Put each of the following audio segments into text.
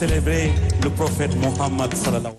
célébrer le prophète Mohammed sallallahu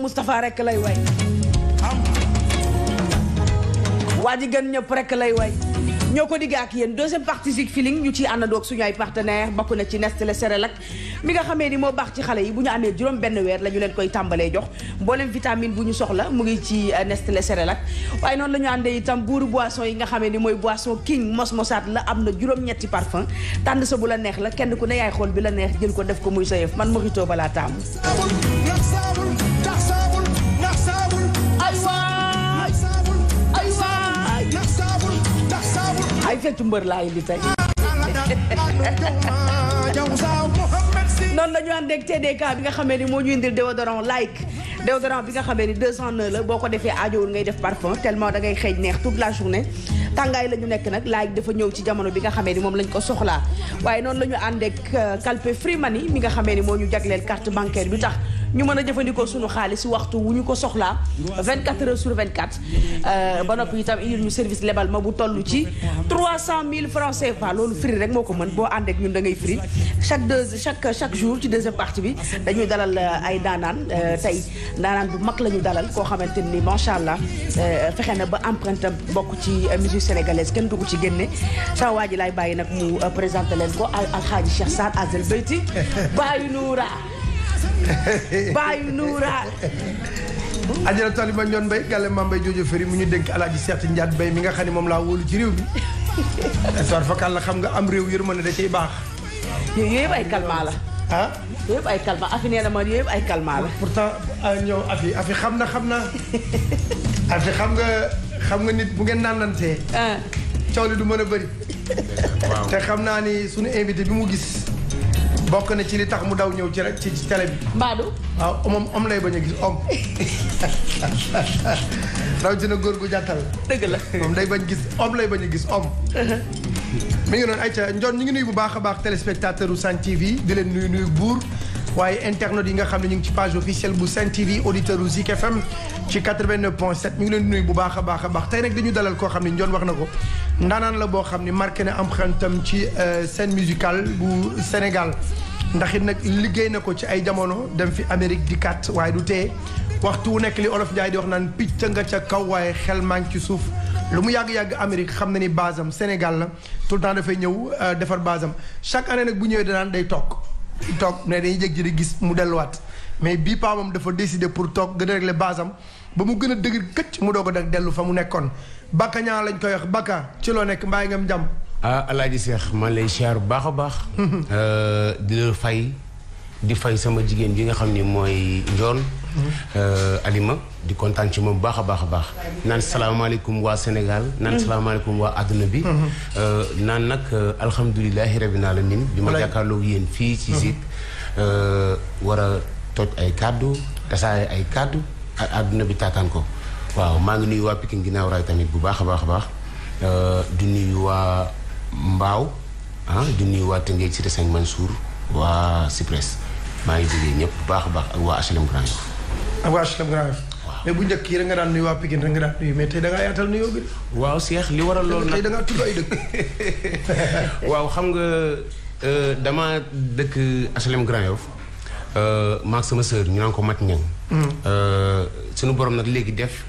Mustafa Moustapha rek lay way waa gën ñep rek lay way ñoko ko ak yeen deuxième partie Feeling ñu ci andok suñu ay partenaire bokk na ci Nestlé Cérélac mi nga xamé ni mo bax ci xalé yi bu ñu amee juróom benn weer lañu leen koy tambalé jox mboolem vitamine bu ñu soxla mu ngi ci euh, Nestlé way non lañu andé itam boisson yi nga xamé ni moy boisson king mos mosat la amna juroom ñetti parfum tand sa bu la neex la kenn ku ne yaay xol bi la neex jël ko def ko muy man man xito bala xëccu mbër laa indi tey noonu la ñu ànd ak TDK bi nga xamee ni moo ñu indil déodorant like déodorant bi nga xamee ni 209 la boo ko defee aajowul ngay def parfum tellement da ngay xeeñ neex toute la journée tàngaay la ñu nekk nag like dafa ñëw ci jamono bi nga xamee ni moom lañ ko soxlaa waaye noonu la ñu ànd ak euh, calpe free money mi nga xamee ni moo ñu jagleel carte bancaire bi tax ñu mën a jëfandikoo suñu xaalis waxtu wu ñu ko soxlaa 24 heures sur 24 ba noppi itam indil ñu service lebal ma bu toll ci 300 000 francs CFA loolu firi rek moo ko mën boo ànd ak ñun da ngay firi chaque deux chaque chaque jour ci deuxième partie bi dañuy dalal ay daanaan tey daanaan bu mag la ñu dalal koo xamante ni macha allah fexe na ba empreinte bokk ci musique sénégalaise kenn dugg ci génne sa waa ji laay bàyyi nag mu présenté leen ko alxaaji Cheikh Saad Azel Beyti bàyyi nuuraa baayu nuura tali Aliou Mbaye Ndione Mbaye gàlle Mambay Joojo Feri mu ñu dénk alaaji Seex Njaat Mbay mi nga kan ci soor fakal la xam nga am réew yërmande da cay baax yooyu ay kalma la ah yooyu ay kalma afi ay kalma la pourtant afi afi xam eh. na afi xam nga xam nga nit bu ngeen naanantee coow li du mën a te ni suñu invité bi mu gis bokk na ci li tax mu daw ñëw ci rek ci ci télé bi. Mbadu. waaw moom om lay bañ a gis om rawatina góor gu jàttal. dëgg la moom day gis om lay bañ a gis om. Uh-huh. mi ngi noonu ayca Ndiol ñu ngi nuyu bu baax a baax téléspectateur u Sen TV di leen nuyu nuyu buur waaye internautes yi nga xam ne ñu ngi ci page officielle bu Sen TV auditeur u Zik FM ci 89 ngi leen nuyu bu baax a baax a baax tey rek dañu dalal koo xam ne Ndiol wax na ko. ndaanaan la boo xam ni marqué na am xantam ci euh, scène musicale bu Sénégal ndax it nag liggéey na ko ci ay jamono dem fi Amérique di kat waaye du tee waxtu wu nekk li olof Njaay di wax naan picc nga ca kaw waaye xel maa ci suuf lu mu yàgg-yàgg Amérique xam na ni basam Sénégal la tout le temps dafay ñëw euh, defar basam chaque année nag bu ñëwee danaan day toog toog ne dañuy jég ji di gis mu delluwaat mais bii paa moom dafa décider pour toog gën a régler basam ba mu gën a dëgër këcc mu ko a dellu fa mu nekkoon Bakka ñaa lañ koy wax Bakka ci loo nekk mbaay ngam jàmm. ah Alaaji Seex man lay bu baax a baax. Euh, di la fay di fay sama jigéen bi nga xam ni mooy Njoon. Mm-hmm. Euh, Alima di kontaan ci moom baax a baax a baax. naan salaamaaleykum waa Sénégal. naan mm-hmm. salaamaaleykum waa àdduna bi. Mm-hmm. Euh, naan nag alhamdulilahi rabbil alamin bi ma jàkkaarloo yéen fii ci Zik. war a toj ay kàddu tasaare ay kàddu. aduna bi tatan ko waaw ma ngi nuyu wa pikin ginaaw ray tamit bu baax a baax euh di nuyu wa Mbaaw han ah, di nuyu wa Tëngéej ci Saint Mansour wa Cypress ma ngi di ñep bu baax baax ak wa aslam H&M Grand Yoff. ak waa HLM Grand mais bu ñëk yi da nga daan nuyu wa pikin da nga daan nuyu mais tay da nga yaatal nuyu bi. waaw Cheikh li waral lool tay da nga tudd ay dëkk. waaw xam nga euh, dama dëkk aslam H&M Grand yow Euh, maag sama sœur ñu naan ko mat ñaŋ. Mm. Euh, suñu boroom nag léegi def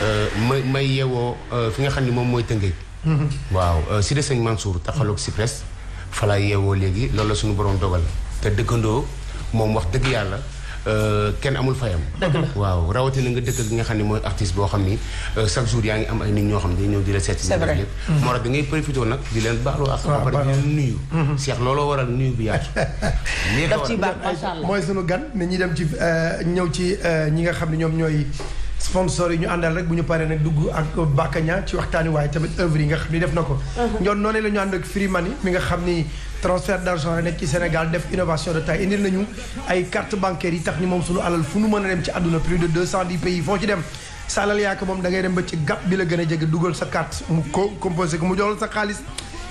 euh, may may yeewoo fi nga xam ni moom mooy tëngëj. Mm-hmm. waaw si de sëñ Mansour taxaloog Cyprès fa laa yeewoo léegi loolu la suñu borom dogal te dëkkandoo moom wax dëgg yàlla. Euh, kenn amul fayam. waaw rawatina nga dëkk gi nga xam ne mooy artiste boo xam ni euh, chaque jour yaa ngi am ay nit ñoo xam ne ñëw di la seet. c'est vrai moo tax da ngay profité nag di leen baalu ak. waaw pare mhm. ci baax macha ci euh, ñi nga xam ne ñoom ñooy. sponsor yi ñu àndal rek bu ñu paree nag dugg ak Bakanya ci waxtaani waaye tamit œuvre nga xam ni def na ko ñoon uh-huh. noonu la ñu ànd ak Free Money mi nga xam ni transfert d'argent la ci Sénégal def innovation de taille indil nañu ay carte bancaire yi tax ni moom suñu alal fu nu mën a dem ci àdduna plus de deux cent dix pays foo ci dem sa alal yaa moom da dem ba ci gàpp bi la gën a jege dugal sa carte mu ko composé ko mu joxal sa xaalis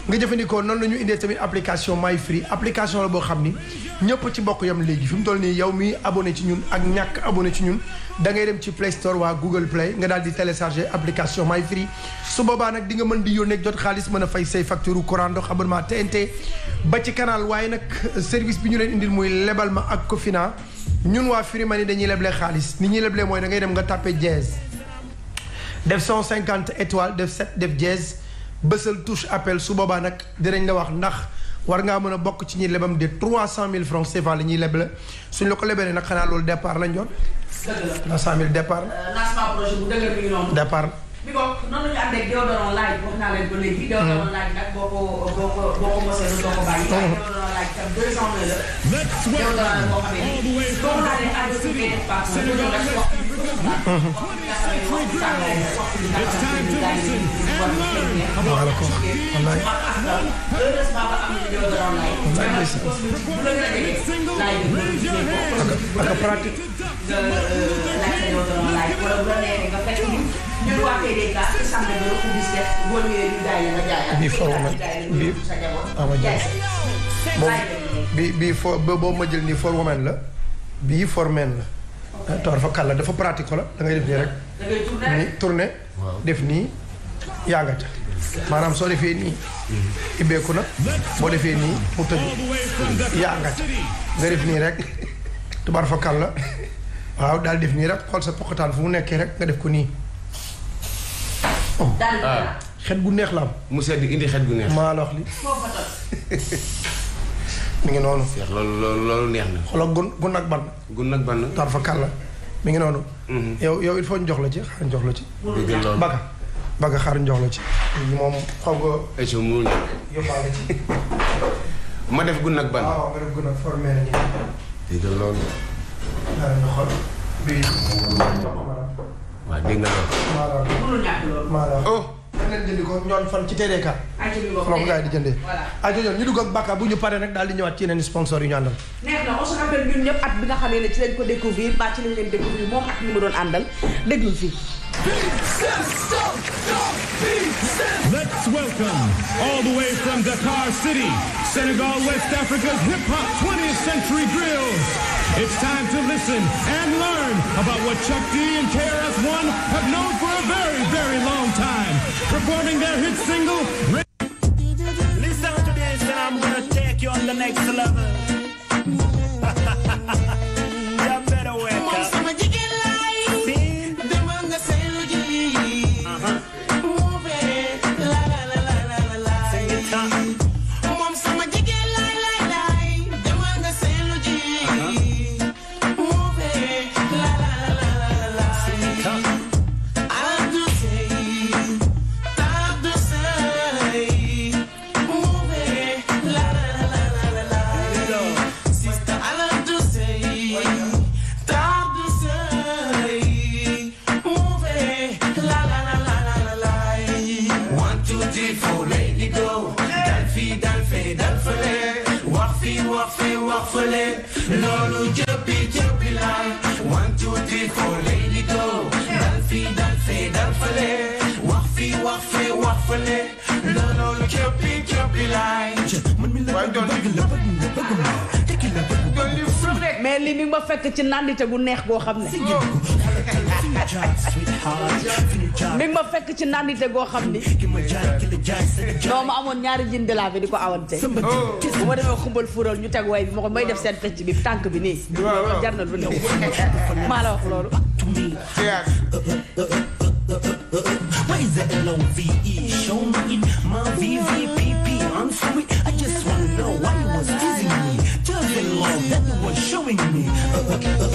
nga jëfandikoo noonu la ñu indee tamit application My Free application la boo xam ni ñëpp ci bokk yam léegi fi mu toll nii yow mi abonné ci ñun ak ñàkk abonné ci ñun da dem ci Play Store waa Google Play nga daal di télécharger application My Free su boobaa nag di nga mën di yónnee jot xaalis mën a fay say facture courant ndox abonnement TNT ba ci canal waaye nag service bi ñu leen indil muy lebal ma ak Cofina ñun waa Free ni dañuy leblee xaalis ni ñuy leblee mooy da ngay dem nga tapé dièse def 150 étoiles def 7 def dièse bësal touche appel su boobaa nag dinañ la wax ndax war ngaa mën a bokk ci ñi lebam de trois cent mille francs CFA la ñuy leble suñ la ko lebelee nag xanaa loolu départ lañ doon. dëgg la 300000 départ. lancement waaw bii foro bii ama jaay boobu boobu ma jël nii la bii for la. taxar fa la dafa pratiko la da ngay def nii rek. ni tourné def nii yaa nga maanaam soo defee nii ibbeeku na boo defee nii mu tëju yaa nga nga def nii rek tubaar fa la waaw daal def nii rek xool sa poqataan fu mu nekkee rek nga def ko nii ah. xet gu neex la am mu sedd indi xet gu neex maa li mu ngi noonu. seex loolu loolu neex na. xoolal gun gun ak ban. gun ak ban. tarfa kàlla mi ngi noonu. Mm-hmm. yow yow il faut ñu jox la ci xaar ñu la ci. dëgg la Baka xaar ñu jox la ci. moom xaw ma def gun ak ban. waaw nga loolu. dara ñu xool bii. da ngeen jëndi ko ñoon fan ci TDK. foofu gars di jëndee. voilà ñu dugg ak Bakka bu ñu paree daal di ñëwaat ci yeneen sponsor yu ñu àndal. neex na on se rappelle ñun ñëpp at bi nga xamee ne ci lañ ko découvrir ba ci lañ leen découvrir moom ak ñu ma doon àndal déglu fii Let's welcome, all the way from Dakar City, Senegal, West Africa's hip hop 20th century grills. It's time to listen and learn about what Chuck D and KRS1 have known for a very, very long time. Performing their hit single, Listen to this, and I'm gonna take you on the next level. fekk ci nandite gu neex goo xam ne mi ma fekk ci nandite goo xam ni non ma amoon ñaari jin de la bi di ko awante bu ma demee xumbal fural ñu teg way bi ma ko may def seen pecc bi tànk bi nii jar na lu néew maa la wax loolu Why is it L-O-V-E? Show me in my p I'm sweet. i up.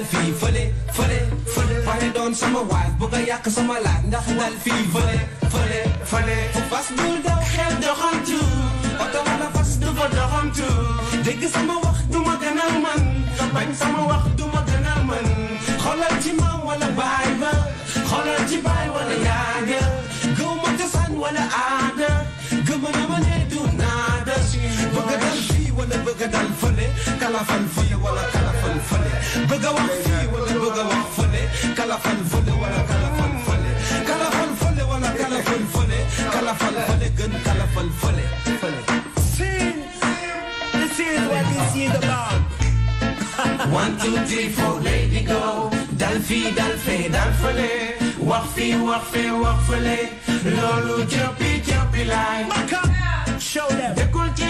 dal fii fële fële fële waaye doon sama waay bu nga yàq sama laaj ndax dal fii fële fële fële fu fas du daw xel doxantu oto wala fas du fa doxantu dégg sama wax du ma gënal man bañ sama wax du ma gënal man xoolal ci maam wala baay ba xoolal ci baay wala yaay ga gëw ma cosaan wala aay kala kalafan fële wala kala kalafan fële bëgg a wax fii wala bëgg a wax kala kalafan fële wala kala fële kalafan kala wala kalafan fële kala fële gën kalafan fële fële This is what this is about. One, two, three, four, lady go. Dalfi, dalfe, dal fee dal fële wax fii wax fee wax fële loolu jëppi jëppi laay. Show them.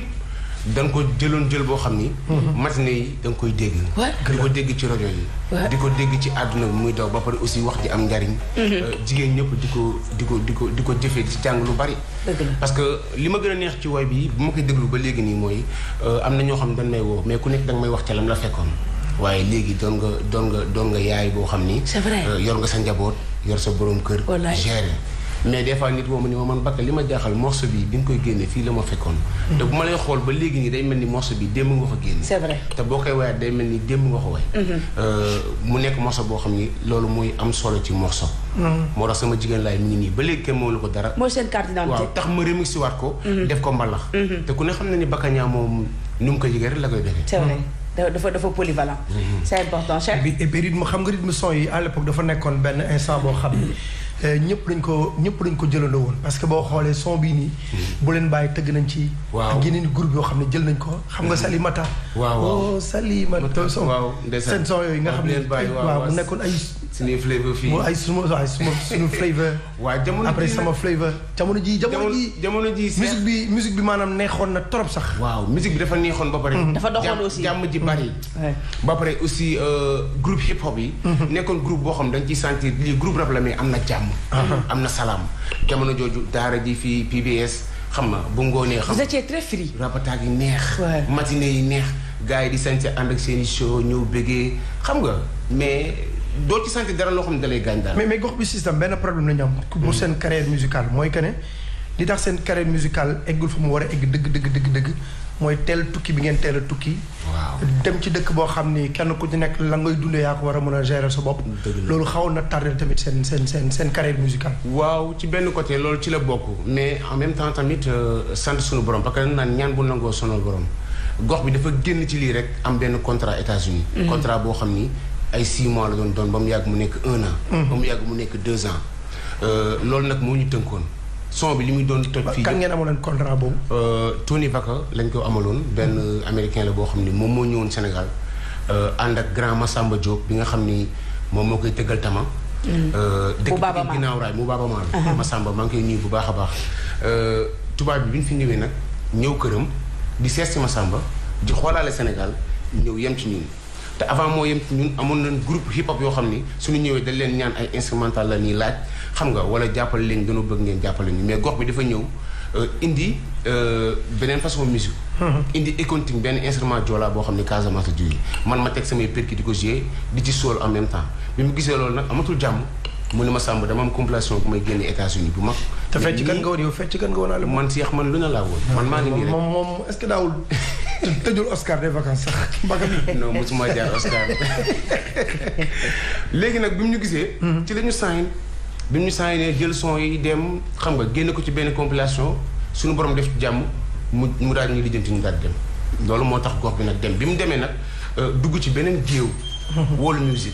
da nga ko jëloon jël boo xam ni. Mhm. matinée yi da koy dégg. di ko dégg ci rajo yi. di ko dégg ci àdduna bi muy daw ba pare aussi wax ji am njariñ. Mhm. Euh, jigéen ñëpp di ko di ko di ko di ko jëfee ci jàng lu bari. parce que li ma gën a neex ci woy bi bu ma koy déglu ba léegi nii mooy euh, am na ñoo xam ne dañ may woo mais ku nekk da nga may wax ca lam la fekkoon. waaye léegi doon nga doon nga doon nga yaay boo xam ni. c'est vrai euh, yor nga sa njaboot yor sa borom kër. gérer mais des fois nit woo ma ni ma man bakka li ma jaaxal morceau bi bi nga koy génne fii la ma fekkoon te bu ma lay xool ba léegi nii day mel ni morceau bi démb nga ko génne c'est vrai te boo koy wayaat day mel ni démb nga ko way mm-hmm. euh, mu nekk morceau boo xam ni loolu mooy am solo ci morceau mm-hmm. moo tax sama jigéen laay mi ngi ba léegi kenn moom la ko dara mooy seen carte d'identité waaw tax ma remixé waat ko mm-hmm. def ko mbalax te ku ne xam na ni bakka ñaa moom nu mu ko yëgee rek la koy defee c'est vrai dafa dafa polyvalent c'est important et puis rythme xam nga rythme son dafa nekkoon benn instant boo xam Euh, ñëpp lañ ko ñëpp lañ ko jëlandoo woon parce que boo xoolee son bii nii. Mm-hmm. bu leen bàyyi tëgg nañ ci. waaw ak yeneen groupe yoo xam ne jël nañ ko. xam nga mm-hmm. Salimata. waaw waaw oh Salimata. waaw seen son yooyu nga xam ne waaw mu nekkoon ay. suñuy flavor ay suma waaye suma suñu flavor. waaw jamono après sama flavor. jamono ji jamono ji jamono ji musique bi musique bi maanaam neexoon na trop sax. waaw musique bi dafa neexoon ba pare. Mm-hmm. dafa doxoon aussi jàmm ji bari. Mm-hmm. ba pare aussi euh, group hip hop yi. Mm-hmm. nekkoon group boo xam da nga ciy sentir lii groupe rap la mais am na jàmm. Uh-huh. am na salaam jamono jooju daara ji fii PBS. xam na bu ngoonee xam vous étiez très free. rapataag yi neex. matinée yi neex. gars yi di sant ànd ak seen i show xam nga mais. doo ci sentir dara loo xam ne dalay gaañ mais mais gox bi système benn problème la ñu am. pour hmm. seen carrière musicale ne li tax seen carrière musicale eggul fu mu war a egg dëgg dëgg dëgg dëgg mooy teel tukki bi ngeen teel a tukki. waaw dem ci dëkk boo xam ni kenn ku ci nekk la ngay dundee yaa war a mën a gérer sa bopp. loolu xaw na tardé tamit seen seen seen seen carrière musicale. waaw ci benn côté loolu ci la bokk mais en même temps tamit euh, sant suñu borom parce que naan ñaan bu nangoo sonal borom gox bi dafa génn ci lii rek am benn contrat États-Unis hmm. contrat boo xam ni. ay 6 mois la doon doon ba mu yàgg mu 1 an. Mhm. ba mu yàgg 2 ans. Euh, loolu nag moo ñu tënkoon son bi li muy doon toj fii. kan ngeen amaloon contrat euh, Tony Vaca, lañ ko amaloon benn américain la boo ni moom moo Sénégal euh, ànd grand Massamba Diop bi nga xam ni moom koy tama. Mm. dëkk bi uh-huh. ngi koy bu a baax. tubaab bi bi Sénégal te avant moo yem ñun amoon nañ groupe hip hop yoo xam ni suñu ñëwee dañ leen ñaan ay instrumental la ñuy laaj xam nga wala jàppale leen dañoo bëgg ngeen jàppale ñu mais gox bi dafa ñëw euh, indi euh, beneen façon musique mm-hmm. indi éconting benn instrument joola boo xam ne Casamance la jógee man ma teg samay perki di ko jouer di ci sóol en même temps bi mu gisee loolu nag amatul jàmm mu ne ma sàmb dama am compilation bu may génne États-Unis bu mag. te fecc kan nga woon yow fecc kan nga man si yax man lu na laa woon. man maa ngi nii rek moom moom est-ce que daawul tëjul Oscar des vacances sax mbagam yi. léegi nag bi mu ñu gisee. Hmm. ci la ñu sign bi mu ñu signé jël son yi dem xam nga génn ko ci benn compilation suñu borom def ci jàmm mu mu daal ñu lijjanti ñu daal dem. loolu moo tax gox bi nag dem bi mu demee nag euh, dugg ci beneen géew. Hmm. wall music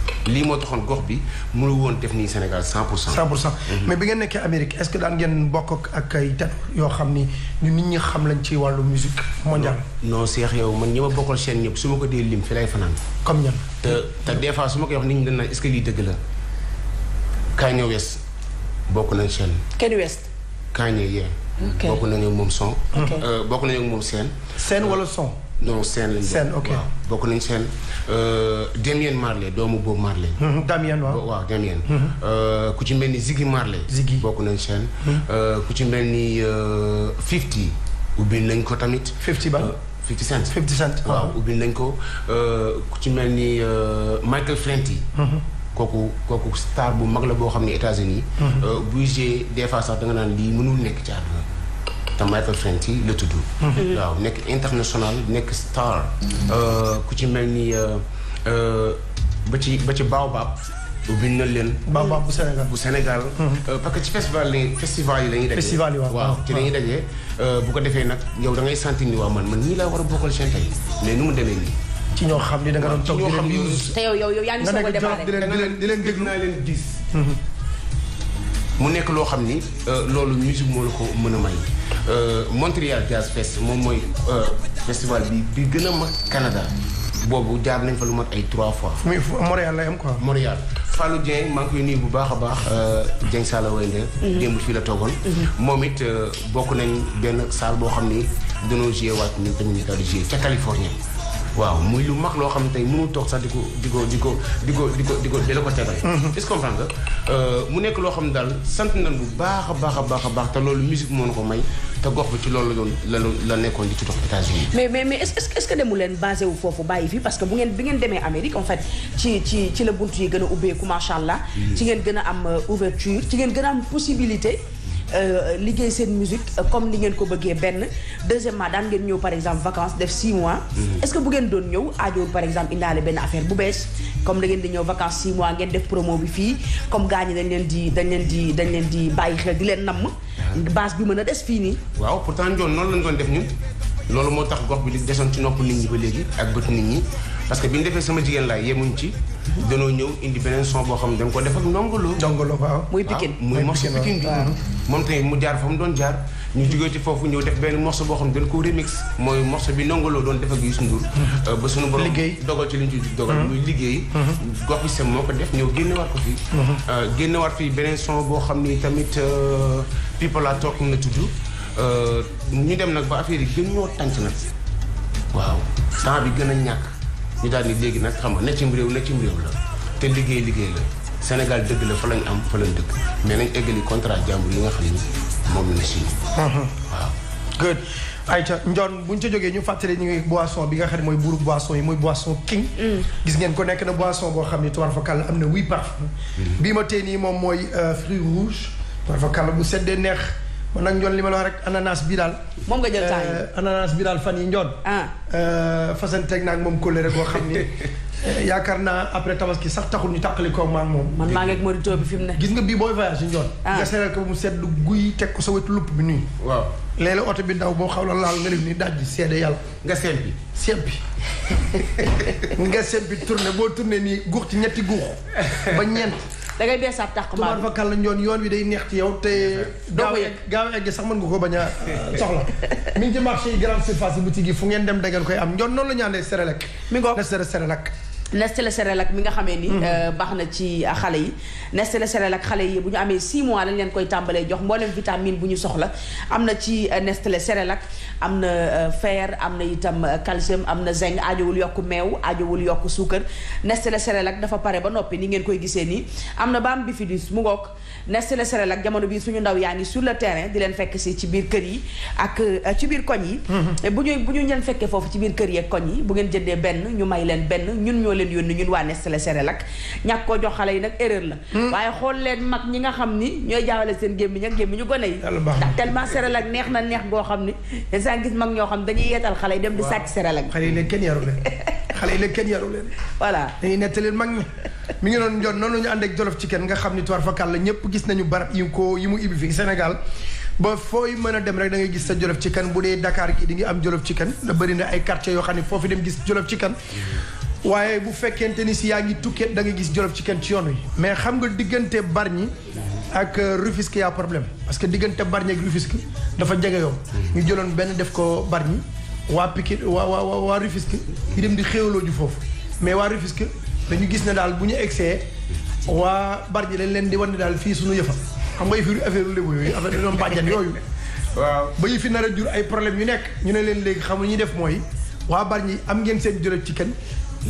lii moo taxoon gox bi mënu woon def nii Sénégal 100 pour cent. Mhm. mais bi ngeen nekkee Amérique est ce que daan ngeen bokk ak ay tête yoo xam ni ñu nit ñi xam lañ ci wàllu musique mondiale. noo Cheikh yow man ñi ma bokkal chaîne ñëpp su ma ko dee lim fi lay fanaan. comme ñan. te te des fois su ma koy wax nit ñi dañ naan est ce que lii dëgg la Kanye West bokk nañ chaîne. Kanye West. bokk nañu moom son. Euh, bokk nañu moom seen. seen wala son. non seen lañ seen ok waaw bokk nañ seen euh, Damien Marley doomu Bob Marley mhm, Damien waaw waaw Damien mhm. euh, ku ci mel ni Ziggy Marley Ziggy bokk nañ seen mhm. euh, ku ci mel ni Fifty ubbi nañ ko tamit Fifty ba Fifty Cent Fifty Cent waaw ubbi nañ ko ku ci mel ni Michael Fenty kooku kooku star bu mag la boo xam ne États-Unis buy jee des sax da naan lii mënul nekk ci te Michael Franti la tudd. Mhm. waaw nekk international nekk star. Mhm. Euh, ku ci mel ni euh, euh, ba ci ba ci Baobab. biñ na leen. Baobab bu Sénégal bu Sénégal. Mhm. parce que ci festival yi festival la ñuy daje. festival yi waaw ci la daje. bu ko defee nag yow da ngay sentir ni waa man man ñii laa war a bokkal seen tey mais nu mu demee nii. ci ñoo xam ni da nga doon toog di leen. te yow yow yow yaa ngi soog a démarré di leen di leen déglu naa leen gis. mu nekk loo xam ni euh, loolu musique moo la ko mën a may euh, Montreal Jazz Fest moom mooy euh, festival bi bi gën a mag Canada boobu jaar nañ fa lu mat ay trois fois. muy Montréal lay am quoi. Montréal Fallou Dieng maa ngi bu baax a baax. Dieng Sala Wende. Mhm. démb fii la toogoon. Mhm. moom it bokk nañ benn salle boo xam ni dañoo joué waat ñun tamit ñu ca Californie. waaw muy lu mag loo xam ne tey mënul toog sax di ko di ko di ko di ko di ko di ko di la ko tegal mhm. est-ce que comprendre nga euh, mu nekk loo xam ne daal sant nañ bu baax a baax a baax a baax te loolu musique moo ko may te gox bi ci loolu la doon la nekkoon di ci dox États-Unis mais mais mais est-ce est ce que demu leen basé wu foofu bàyyi fii parce que bu ngeen bi ngeen demee Amérique en fait ci ci ci la bunt yi gën a ubbeeku macha allah. Mhm. ci ngeen gën a am euh, ouverture ci ngeen gën a am possibilité Euh, liggéey seen musique euh, comme ni ngeen ko bëggee benn deuxièmement daan ngeen ñëw par exemple vacances def 6 mois. Mhm. est-ce que bu ngeen doon ñëw aajowul par exemple indaale benn affaire bu bees comme da ngeen di ñëw vacances 6 mois ngeen def promo bi fii comme gars dañ leen di dañ leen di dañ leen di bàyyi xel di leen namm. base bi mën a des fii nii. waaw pourtant ñoom noonu lañ doon def ñun. loolu moo tax gox bi li desoon ci nopp nit ba léegi ak bët nit ñi. parce que bi ñu defee sama jigéen laay yemuñ ci. danoo ñëw indi son boo xam ne dañ ko def ak ndongolo. ndongolo waaw muy pikin muy morso pikin doon jaar. ñu jógee ci foofu ñëw def benn morso boo xam ne dañ ko remix. mooy morso bi ndongolo doon def ak Youssou euh, ba suñu liggéey. Mm-hmm. Mm-hmm. gox bi sam moo ko def ñëw génnewaat ko fii. Mm-hmm. Euh, génnewaat fii beneen son boo xam ni tamit euh, people are talking na ñu dem nag ba affaire yi gën ñoo tànc nag. waaw temps bi gën a ñàkk. ñu daal ni léegi nag xam nga ne cim réew ne cim réew la te liggéey liggéey la Sénégal dëgg la fa lañ am fa lañ dëgg mais nañ eggali contrat jàmbur yi nga xam ni moom la signé. Mhm. waaw. good ayca Ndione bu ñu ca jógee ñu fàttali ñu ngi boisson bi nga xam ne mooy buuru boisson yi mooy boisson king. Mm. gis ngeen ko nekk na boisson boo xam ne tubaar fa kàll am na huit parfum. Mm-hmm. bii ma tey nii moom mooy euh, fruit rouge tubaar fa kàll bu seddee neex. man nag njoon li ma la wax rek ananas bii daal. moom nga jël temps eh, yi ananas daal fan yi njoon. Ah. Eh, fasanteeg naa ak moom kóllëre koo xam ni eh, yaakaar naa après tabaski sax taxul ñu tàqali ko maa ngi moom. man maa ngi ak Morito bi fi mu ne. gis nga bii booy voyage njoon. Ah. nga seeral ko bu mu sedd guy teg ko sa wetu lupp bi nuyu. waaw léeg-léeg oto bi daw boo xaw la laal nga def ni daaj bi seede yàlla. nga seet bi seet bi. nga seet bi tourné boo tourné nii guux ci ñetti guux ba ñeent. da ngay beesaat tàq maa tubaab fa yoon yoon wi day neex ci yow te. doo ko yegg gaaw a egg sax mën nga ko bañ a soxla. mi ngi marché yi grande surface yi boutique yi fu ngeen dem da ngeen koy am ñoom noonu la ñu àndee Sénélec. mi ngoog na Sénélec. Nestlé céréales ak mi nga xamee ni. Mhm. Euh, baax na ci euh, xale yi. Nestlé céréales ak xale yi bu ñu amee 6 mois ñu leen koy tàmbalee jox mboolem vitamine bu ñu soxla am na ci euh, Nestlé céréales ak am na fer am na itam calcium am na zinc aajowul yokk meew aajowul yokk suukar Nestlé céréales ak dafa pare ba noppi ni ngeen koy gisee nii am na baam bifidus mu ngoog. Nestlé Céréales ak jamono bii suñu ndaw yaa ngi sur le terrain di leen fekk si ci biir kër yi ak euh, ci biir koñ yi mm-hmm. bu ñuy bu ñu leen fekkee foofu ci biir kër yi ak koñ yi bu ngeen jëndee benn ñu may leen benn ñun ñoo leen yónni ñun waa Nestlé yi nag erreur la mm. waaye xool seen gémmiñ ak gémmiñu gone yi ndax tellement céréales ak neex na neex goo xam ni saa gis mag ñoo xam dañuy yeetal xale yi dem di sàcc céréales ak xale yi leen kenn yaru leen xale yi leen leen mag ñi mi ngi doon njoon noonu ñu ànd ak Jolof Chicken nga xam ni toir fakal la ñëpp gis nañu bar yi ko yi mu ibbi fii Sénégal ba fooy mën a dem rek da ngay gis sa Jolof Chicken bu dee dakaar gi di ngi am Jolof Chicken da bëri na ay quartiers yoo xam ne foofu dem gis Jolof Chicken waaye bu fekkente ni si yaa ngi tukkee da ngay gis Jolof Chicken ci yoon wi mais xam nga diggante Bargny ak Rufisque yaa problème parce que diggante Bargny ak Rufisque dafa jege yoon ñu jëloon benn def ko Bargny waa Pikine waa waa waa Rufisque yi dem di xéewloo ju foofu mais waa Rufisque dañu gis ne daal bu ñu egsee waa Bargny dañ leen di wan ne daal fii suñu yëfa xam nga yëfi affaire lu lébu yooyu affaire doon bàjjan yooyu waaw ba yëfi nar a jur ay problème yu nekk ñu ne leen léegi xam lu ñuy def mooy waa ñi am ngeen seen jërëjëf ci kenn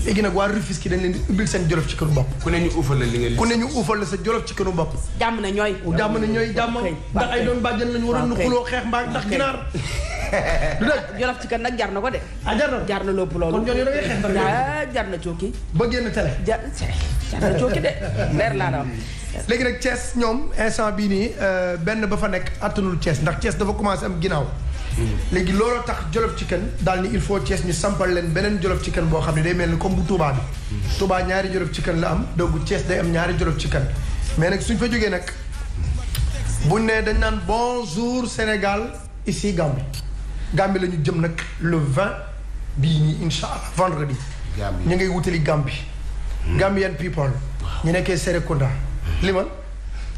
léegi nag waa Rufisque dañ leen di ubbil seen jolof ci kënu bopp. ku ne ñu uufal la li nga ku ne ñu uufal la sa jolof ci kënu bopp. jàmm na ñooy. jàmm na ñooy jàmm ndax ay doon bàjjan lañu waroon nu xuloo xeex mbaa ndax ginaar. du dëgg jolof ci kan nag jar na ko de. ah jar na jar na lépp loolu. kon ñooñu da ngay xeex ndax ah, jar na cooki. ba génn télé. jar jar na cooki de leer laa la léegi nag Thiès ñoom instant bii nii euh, benn ba fa nekk attanul Thiès ndax Thiès dafa commencé am ginnaaw léegi looloo tax Jolof Chicken daal ni il faut Thiès ñu sampal leen beneen Jolof Chicken boo xam ne day mel ni comme bu Touba bi. Touba ñaari Jolof Chicken la am donc Thiès day am ñaari Jolof Chicken mais nag suñ fa jógee nag bu ne dañ naan bonjour Sénégal ici Gambie Gambie la jëm nag le 20 bii nii incha allah vendredi. ñu ngay wutali Gambie. Hmm. Gambian people. ñu nekkee Serekunda. limal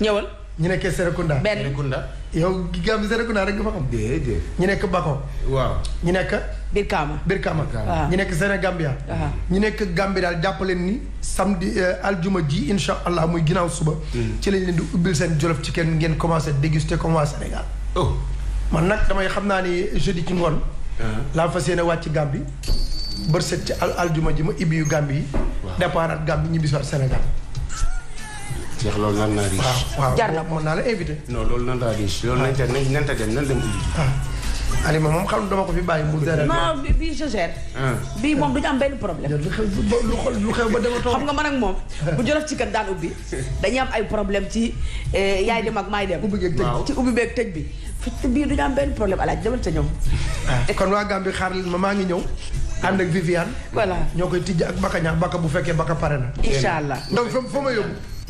ñëwal ñu nekkee Serekunda. benn Serekunda. yow Gambie rek naa rek nga fa xam. déedéet ñu nekk Bako. waaw ñu nekk. Birkama Birkama. Ah. ñu nekk Sénégambia. Ah. ñu nekk Gambie daal jàppaleen ni samedi euh, aljuma ji incha allah muy ginnaaw suba. Hmm. ci lañ leen di ubbil seen jolof ci kenn ngeen commencé déguster comme waa Sénégal. oh man nag damay xam naa ni jeudi ci ngoon. Ah. laa fas yéene wàcc Gambie. bërset ci al aljuma ji ma ibbi yu Gambie yi. waaw départ Gambie ñibbi si Sénégal. Cheikh loolu nan naa riche. waaw waaw mën naa la invité. non loolu nan laa loolu nañ dem nan dem ubbi. Ah. moom xam ba dama toog. xam nga man ak moom bu jolof ci kër daan ubbi dañuy am ay problème ci eh, ubbi beeg tëj bi. bii du am benn problème alaaj demal sa ñoom. Ah, kon waa Gambie xaar leen ma maa ngi ñëw. ànd ak Viviane. voilà ñoo koy tijji ak Baka ñaax Baka bu fekkee Baka pare na. incha allah donc fa ma yóbbu.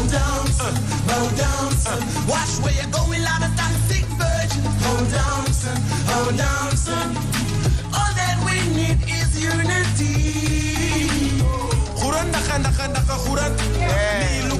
Hold down, uh, hold down, uh, watch where you're going, lot of toxic sick virgin. Hold down, son, hold down, son. All that we need is unity. Huran, Yeah.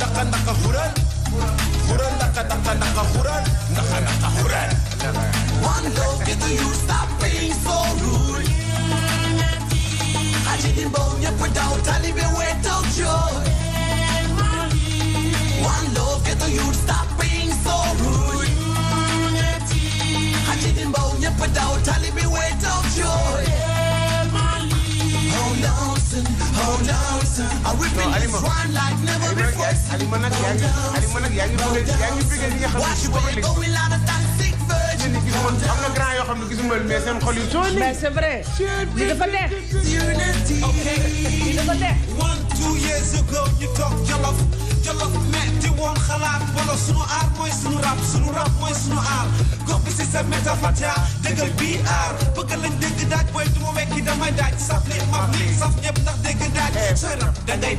huran huran huran huran one love at the stop being so rude I didn't bone you put out I live wet out joy one look at the stop being so rude I didn't bone you put out I live wet out joy oh no mais c'est vrai li dafa neex li dafa neex jolof mais di woon xalaat wala sunu aar mooy sunu rap sunu rap mooy sunu aar gox bi si sa méta fatia lañ du saf saf ndax rap da ngay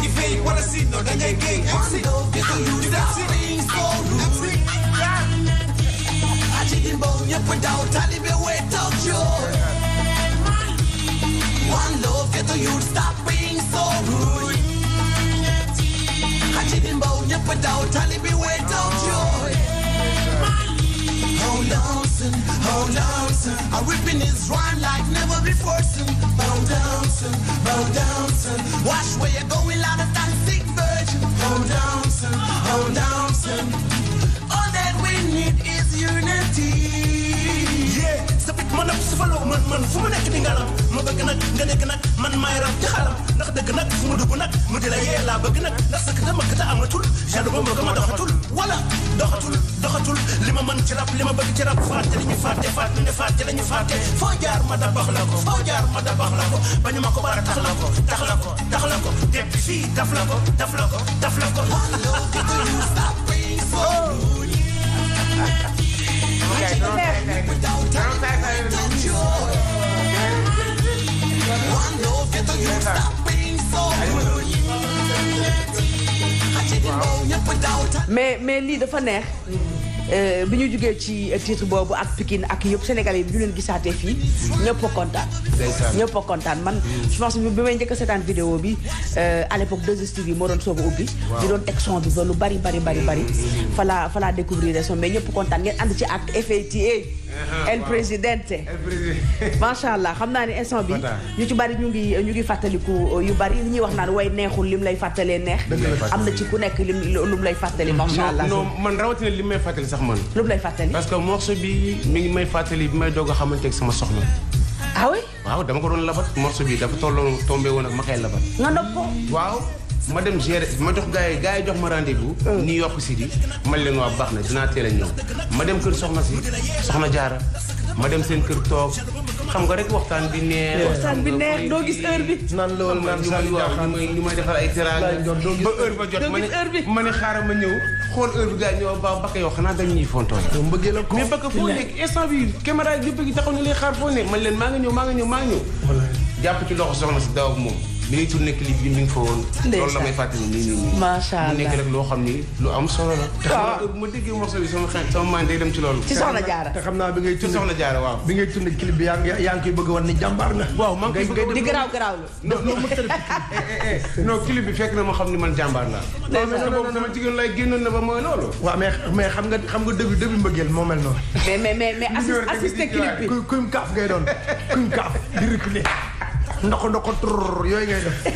bi fay wala da ngay One love, get the youth, stop being so rude chicken bowl, you put out, I'll be without joy. Hold on, son, hold on, son. I'm whipping this rhyme like never before, son. Bow down, son, bow down, son. Watch where you're going, lot of that sick virgin. Hold on, son, hold on. faloo man man fu mu nekk di nga rab ma bëgg nag nga nekk nag man maay rab ci xalam ndax dëgg nag fu mu dugg nag mu di la yee laa bëgg nag ndax sa kata ma kata amatul jalo ba mbëgg ma doxatul wala doxatul doxatul li ma mën ci rab li ma bëgg ci rab fàtte li ñu fàtte fàtte ne fàtte la ñu fàtte foo jaar ma dabax la ko foo jaar ma dabax la ko bañu ma ko bara tax la ko tax la ko tax la ko depuis fii daf la ko daf la ko daf la ko gente não deve. Não deve Euh, bi ñu jugee ci titre boobu ak Pikine ak yëpp sénégal yi bi ñu leen gisaatee fii ñëpp kontaan. ñëpp a kontaan man. je pense bi may njëkk seetaan vidéo bi euh, à l'époque 2STV moo doon soog a ubbi. di doon teg son bi ba lu bari bari bari bari. fa laa fa laa mais ñëpp kontaan ngeen ànd ci ak FATA. Eh, El Presidente. El Presidente. macha allah xam naa ne instant bi ñu ci bari ñu ngi ñu ngi fàttaliku uh, yu bari li ñuy wax naan way neexul lim lay fàttalee neex. am na ci ku nekk lim lum lay fàttali. macha allah non man rawatina lim may fàttali sax man. lum lay fàttali. parce que morceau bi mi ngi may fàttali bi may doog a xamante ak sama soxna. ah oui. waaw dama ko doon labat morceau bi dafa tolloo tombé woon ak ma koy labat. nga nopp ko waaw. ma dem gérer ma jox gaa yi gaa yi jox ma rendez-vous. Ah. New York City man leen waa baax na dinaa teel a ñëw. ma dem kër soxna si soxna jaara ma dem seen kër toog xam nga rek waxtaan bi neex. waxtaan bi neex doo gis heure bi. nan loolu naan sànni jaaxal ma ñu may defal ay teraanga ba heure ba jot ma ne ma ne xaaral ma ñëw. xool heure bi gars yi ñëw ba bakka yow xanaa dañ ñuy fontooy. mbëggee na ko mais bakka foo a ngi taxaw ñu xaar man leen maa nga ñëw maa nga ñëw maa nga ñëw. jàpp ci loxo soxna si daw moom minute bu nekk lii bi mi ngi fa nekk rek lu ah. ma déggee morceau bi sama xel sama maan day dem loolu. ci soxna jaara te xam naa bi ngay. ci bi a wan ni a di garaaw eh, eh, eh, bi fekk na ma xam ni man jàmbaar laa. tey sax non non non sama na ba mooy loolu. waaw xam nga xam nga début début mbëggeel moo mel noonu. mais mais mais assisté clip kuy kaaf ngay doon kuy kaaf di reculer ndoko ndoko tur yooyu ngay def.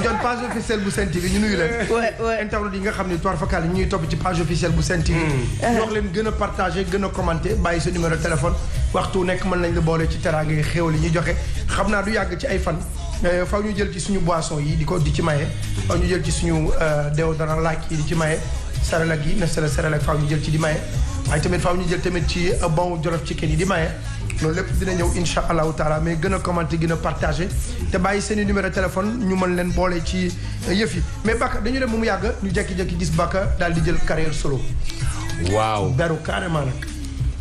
njoon page officielle bu Sen TV ñu nuyu leen. internet yi nga xam ne toile focale ñuy topp ci page officielle bu Sen TV. Mm. wax leen gën a partagé gën a commenté bàyyi sa numéro téléphone. waxtu nekk mën nañ la boolee ci teraanga yi xéew li ñuy joxe xam naa du yàgg ci ay fan. Euh, faw ñu jël ci suñu boisson yi di ko di ci maye. faw ñu jël ci suñu euh, déodorant laak yi di ci maye. sarelak yi na sere sarelak faw ñu jël ci di maye. tamit faw ñu jël tamit ci euh, bon jolof chicken yi di loolu lépp dina ñëw incha allahu taala mais gën a commenté gën a partagé te bàyyi seen i numéro téléphone ñu mën leen boole ci euh, yëf yi mais Bakka dañu dem ba mu yàgg ñu jékki-jékki gis Bakka daal di jël carrière solo. waaw beru carrément nag.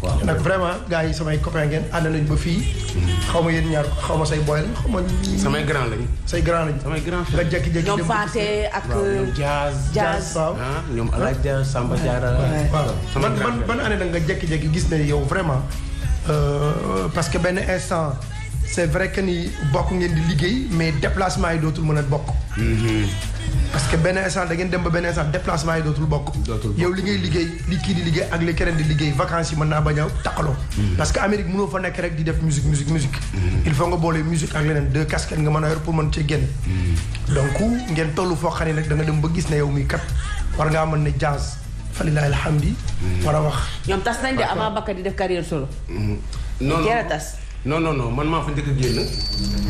waaw nag vraiment gars yi samay copain ngeen ànd nañ ba fii. Mm-hmm. xaw ma yéen ñaar xaw ma say boy lañ xaw ma. samay grand lañ. say grand lañ. samay grand nga jékki-jékki ñoom Faté ak. ñoom Jazz. Jazz waaw ah, ñoom Alaaji Samba Diarra. waaw man man ban année nag nga jékki-jékki gis ne yow vraiment. Euh, parce que benn instant c'est vrai que ni bokk ngeen di liggéey mais déplacement yi dootul mën a bokk. Mhm. parce que benn instant da ngeen dem ba benn instant déplacement yi dootul bokk. yow li ngay liggéey li kii di liggéey ak li keneen di liggéey vacances yi mën naa bañ a taqaloo. Mhm. parce que Amérique mënoo fa nekk rek di def musique musique musique. Mhm. il faut nga boole musique ak leneen deux casquettes nga mën a pour mën cee génn. donc ngeen tollu foo xam ne rek danga dem ba gis ne yow mii kat war ngaa mën ne jazz. falilahi alhamdi war a wax. ñoom tas nañ de avant Bakka di def carrière solo. Mm. non non jërë man maa fa njëkk a génn.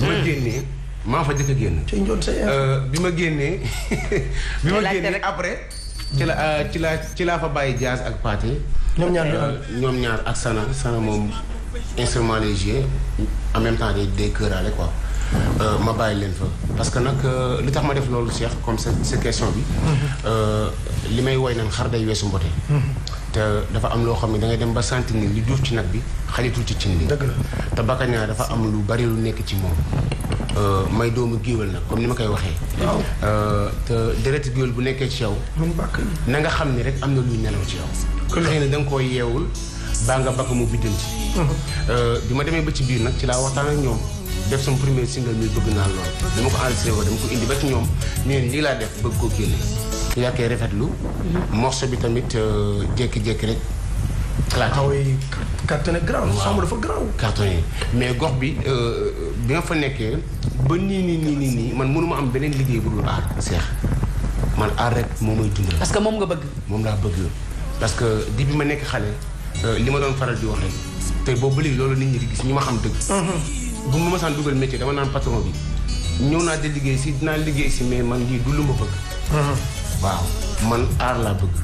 ma mm. génnee maa fa njëkk génn. ci euh, bi ma génnee. bi ma génnee après. ci la euh, ci la laa fa bàyyi jazz ak pàate. ñoom ñaar euh, ñoom ñaar ak sana sana moom instrument léger en même temps day day këraale quoi. Euh, ma bàyyi leen fa parce que nag euh, li tax ma def loolu Cheikh comme sa question bi mhm. euh, li may woy naan xar day weesu mbote mhm. te dafa am loo xam ne da dem ba sentir ni li duuf ci nag bi xalitul ci cin li te bakkañaa dafa lu bari lu nekk ci moom may doomu géwél nag comme ni ma koy waxee te deret géwél bu nekkee ci yow na nga xam rek am na luy nelaw ci da nga koy yeewul baa nga bakk mu biddanti mhm. bi ma demee ba ci biir nag ci laa waxtaan ak ñoom def sama premier single mi bëgg naa lool dama ko enregistré woo dama ko indi ba ci ñoom ñu ne lii laa def bëgg koo génne ñu yaa koy rafetlu mhm. morceau bi tamit euh, jékki-jékki rek claque xaw ah yi carton grand sama dafa grand carton yi mais gox bi euh, bi nga fa nekkee ba nii nii nii nii nii man mënuma am beneen liggéey bu dul aar seex man aar moo may parce que moom nga bëgg moom laa bëgg parce que bi ma nekk xale euh, li ma doon faral di wax rek te boobu léegi loolu nit ñi di gis ñi ma xam dëgg mhm. bu ma masaan dugal métier dama naan patron bi ñëw naa di liggéey si dinaa liggéey si mais man lii du lu ma bëgg. Uh-huh. waaw man aar laa bëgg.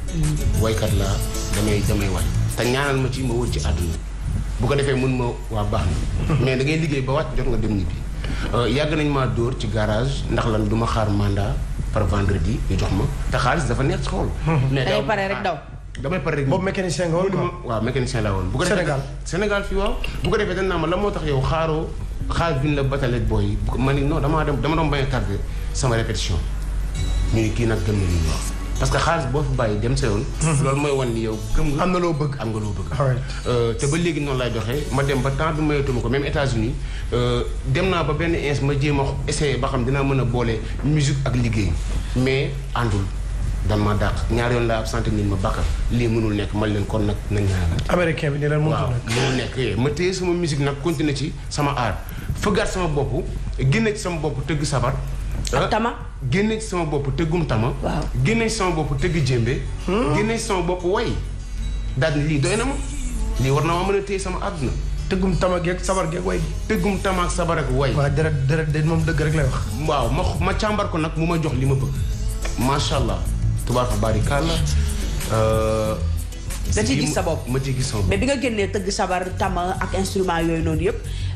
waykat laa damay damay way te ñaanal ma ci ma wër ci àdduna bu ko defee mun ma waa baax na. Uh-huh. mais da ngay liggéey ba wàcc jot nga dem ñibbi. Euh, yàgg nañ maa ci garage ndax lan du ma xaar mandat par vendredi ñu jox ma te xaalis dafa neex ci xool. Uh-huh. mais daaw pare rek daw. Ah, damay pare rek boobu mécanicien nga woon waaw mécanicien laa woon. bu ko defee Sénégal Sénégal fii waaw. bu ko defee dañ la moo tax yow xaaroo. xaalis bi ñu la bataleeg booy ma non dama dem dama doon bañ a tardé sama répétition ñu ni kii nag gëm na li wax parce que xaalis boo fi bàyyi dem sa yoon. Mhm. loolu mooy wan ni yow gëm nga. am na loo bëgg am nga loo bëgg. Euh, te ba léegi noonu lay doxee ma dem ba temps bi mayatuma ko même États-Unis euh, dem naa ba benn ins ma jéem a essayé ba xam dinaa mën a boole musique ak liggéey mais àndul. dan ma dàq ñaar yoon laa absenté nit ma bàkkal lii mënul nekk man leen kon nag nañ ñaanalante. américain bi ni leen mënul nekk waaw mënul nekk eh, ma téye sama musique nag continué ci sama art. fëggaat sama bopu génne sama bopu teug sabar. Ah, tama génne sama bopu teugum tama. waaw sama bopu teug jembe hmm? génne sama bopu way dal li doyna mo li warna ma meuna sama aduna teugum tama geeg sabar geeg way. teugum tama ak sabar ak way. wa dara dara de mom deug rek lay wax. waaw ma ma chambar ko nag mu ma ma allah tubaab bari kàlla. da ciy gis sa bopp ma ciy gis mais bi nga sabar tama ak instrument yooyu noonu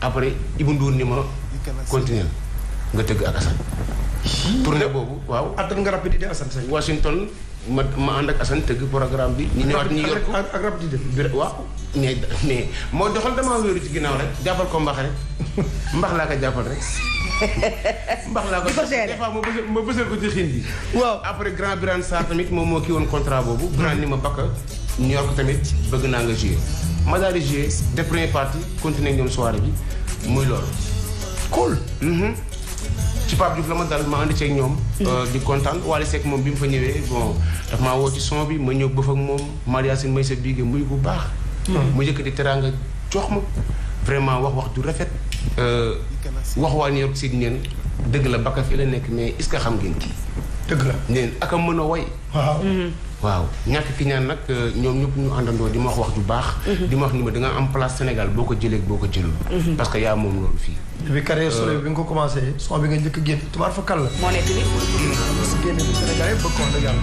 après Ibou Ndour ni ma continuer nga tëgg ak Assane. tournée boobu waaw. attan nga rapidité Assane Seck. Washington. ma ma ànd ak Assane tëgg programme bi. ñu ñëwaat ñu yor ko ak ak rab di def. biir waaw mais mais moo doxal damaa wéeru ci ginnaaw rek jàppal ko mbax rek mbax laa ko jàppal rek. mbax laa ko des fois ma bësal ma bësal ko ci xiin bi. waaw après grand Birane Sarr tamit moom moo kii woon contrat boobu. grand ni ma bakka ñu yor ko tamit bëgg naa nga jouer. ma daal di jouer def première partie continuer ñoom soirée bi muy loolu. cool. Mm-hmm. ci Pape Diouf la ma dal ma ànd ceeg ñoom. Euh, di kontaan Wally seek moom bi mu fa ñëwee bon daf maa woo ci son bi ma ñëw bëf ak moom Maria Sine may sa biige muy bu baax. Hmm. mu jëkk di teraanga jox ma vraiment wax wax du rafet. Euh, wax waa New York City neen dëgg la bakka fii la nekk mais est-ce xam ngeen kii. dëgg la neen ak a mën a woy. waaw ñàkk fi ñaan nag euh, ñoom ñëpp ñu àndandoo di ma wax wax ju baax. Mhm. di ma wax ni ma da nga am place Sénégal boo ko jëlee boo ko jëlul. Mhm. parce que yaa moom loolu fii. bi carrière euh, solo bi nga ko commencé son bi nga njëkk a génn tubaar fa kàll. Kan moo nekk nii. génn bi Sénégal yëpp bëgg ko dëgg yàlla.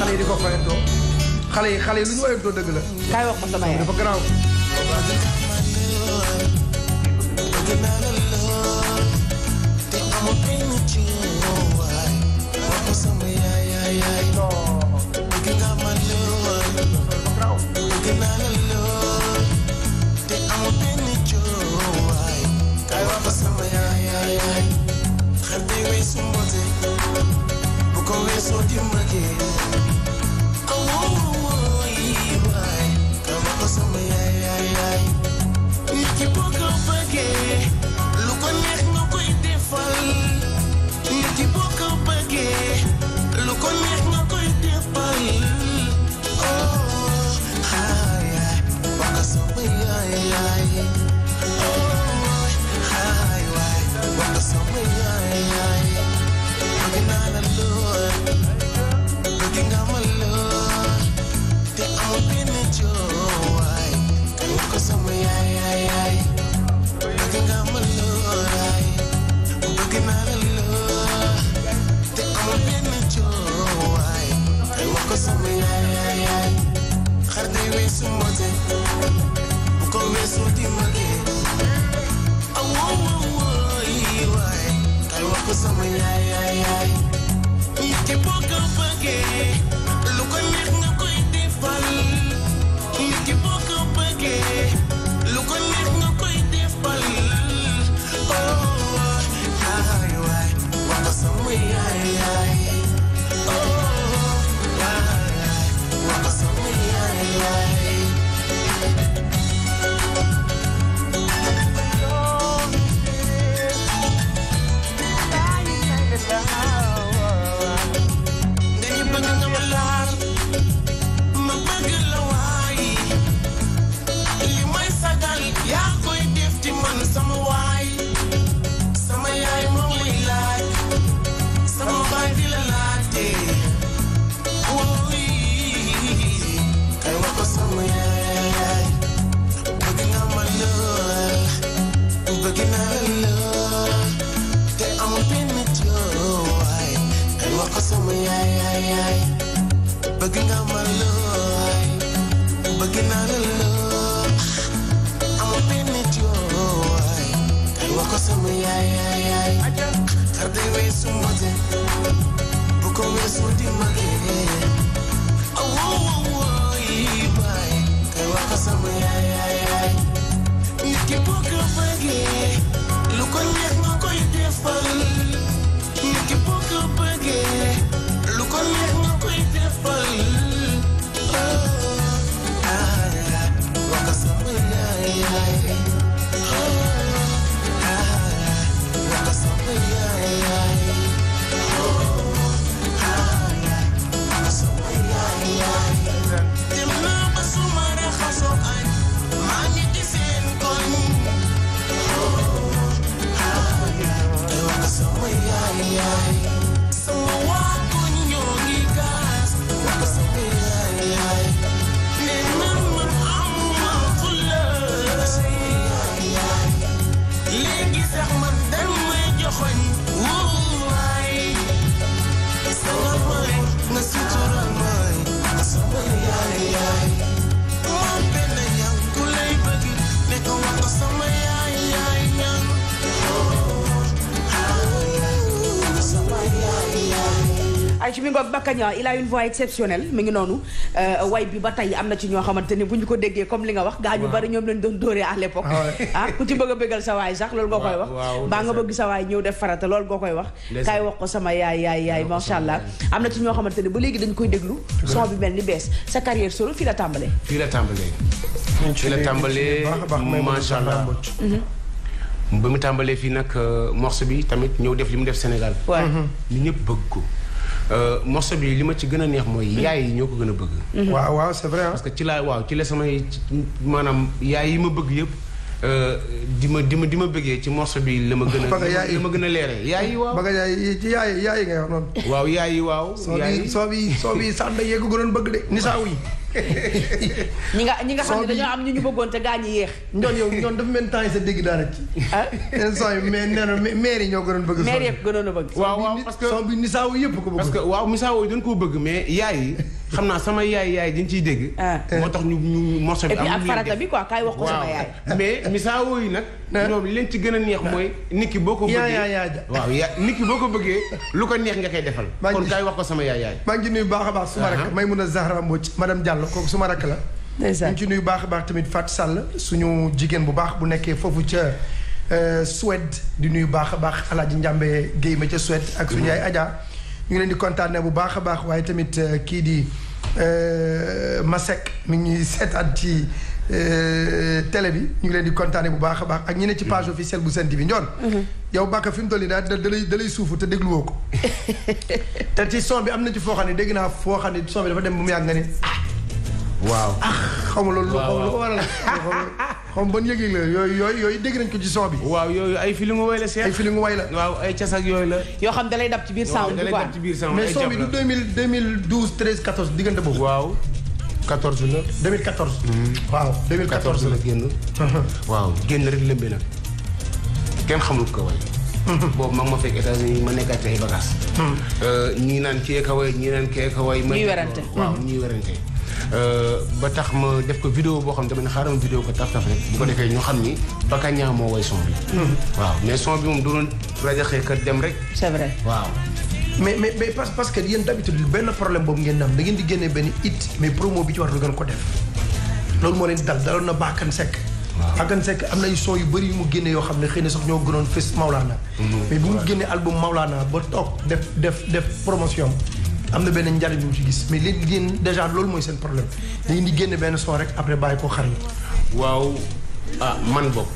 xale yi di ko fayantoo. xale yi xale yi lu ñu wayantoo dëgg la. kaay wax ko sama yaay dafa garaaw. te amul Yeah. So ci Bakanya, il a une voix exceptionnelle mi ngi noonu euh, way bi ba tey am ci ko comme li nga wax gaa ñu bari lañ doon à l'époque ah, ah ku ci bëgg bëggal sa waay sax loolu nga koy wax baa nga bëgg sa waay ñëw def farata loolu nga koy wax kaay wax ko sama yaay yaay yaay macha allah am na ci ba dañ koy son bi sa carrière solo fii la tàmbalee fii la tambalé, fii la tàmbalee macha allah mhm. ba mu tàmbalee fii nag euh, morceau bi tamit ñëw def def Sénégal bëgg ko Euh, morceau bi li ma ci gën a neex mooy yaay yi ñoo ko gën a bëgg. Mhm. waaw waaw c'est vrai parce que ci laa waaw ci la samay maanaam yaay yi ma bëgg yëpp. Euh, di ma di ma di ma bëggee ci morceau bi la ma gën a. la ma gën a leeree yaay yi waaw. ba nga yaay yaay yaay ngay wax noonu. waaw yaay yi waaw. yaay yi soo yi soo yi soo bii Sane yee ko gënoon bëgg de nisaaw yi. ñi nga ñi nga xam ne dañoo am ñu ñu bëggoon te gaañ yéex. ñoon yow ñoon dafa mel ni sa dégg daara ci. ah son ñoo gënoon bëgg. maire yëpp gënoon a bëgg. waaw waaw parce que son bi nisaawu yëpp ko bëgg. parce que waaw nisaawu dañ koo bëgg mais yaay xam naa sama yaay yaay dañ ciy dégg. Ah. moo tax ñu ñu morso bi. amuñu ak farata bi quoi kaay wax ko sama yaay. mais misaawoo nag. Ah. ñoom li leen ci gën a neex mooy. nit ki boo ko bëggee waaw yaa nit ki boo ko bëggee lu ko neex nga koy defal. kon kaay wax ko sama yaay yaay. maa ngi nuyu baax a baax suma rakk ah. Maymuna Zahra Mbodj madame Diallo kooku suma rakk la. ndeysaan ñu ci nuyu baax a baax tamit Fatou Sall suñu jigéen bu baax bu nekkee foofu ca euh, Suède di nuyu baax a baax Alaaji Njàmbe Géy ma ca Suède ak suñu yaay ñu leen di kontaanee bu baax a baax waaye tamit euh, kii di euh, Masek mi ngi ñuy seetaan ci euh, télé bi ñu ngi leen di kontaanee bu baax a baax ak ñi ne ci mm-hmm. page officielle bu Sen bi Ndione. Mm-hmm. yow Bakka fi mu toll nii daal da dalay dalay suufu te dégluwoo ko te ci son bi am na ci foo xam ne dégg naa foo xam ne son bi dafa dem bu mu yàgg nga ni Ah, waaw xaw ma loolu. waaw lu waral xaw ma ban yëg-yëg la yooyu yooyu yooyu dégg nañ ko ci son bi. waaw yooyu ay filimu way la seet. ay filimu way la. waaw ay cas ak yooyu la. yoo xam dalay dab ci biir sound bi quoi mais son bi du deux mille deux mille douze treize quatorze diggante boobu. waaw. 14 la 2014. Hmm. waaw 2014 la génn. waaw génn rek lëmbe nag kenn xamul ko way hmm. boobu mag ma fekk États-Unis ma nekkaat ay bagages. Hmm. Euh, ñii naan kee ka way ñii naan kee ka way. ñuy werante waaw ñuy werante. Euh, ba tax ma def ko vidéo boo xam ne dama ne xaaral ma vidéo ko taf taf rek bu ko defee ñu xam ni Bakaña moo way son bi mhm. waaw mais son bi moom du doon rajaxee kër dem rek c'est vrai waaw mais mais mais parce parce que yéen d'habitude benn problème boobu ngeen am da ngeen di génnee benn it mais promo bi ci war def loolu moo leen dal daloon na Bakane Seck Bakane Seck am na ay son yu bëri yu mu génne yoo xam ne xëy na sax ñoo gënoon fës Maulana mhm. mais bu mu génnee album Maulana ba toog def def def promotion am na benn njariñ ci gis mais léegi yéen déjà loolu mooy seen problème da ngeen di génn benn son rek après bàyyi ko xar waaw ah man bopp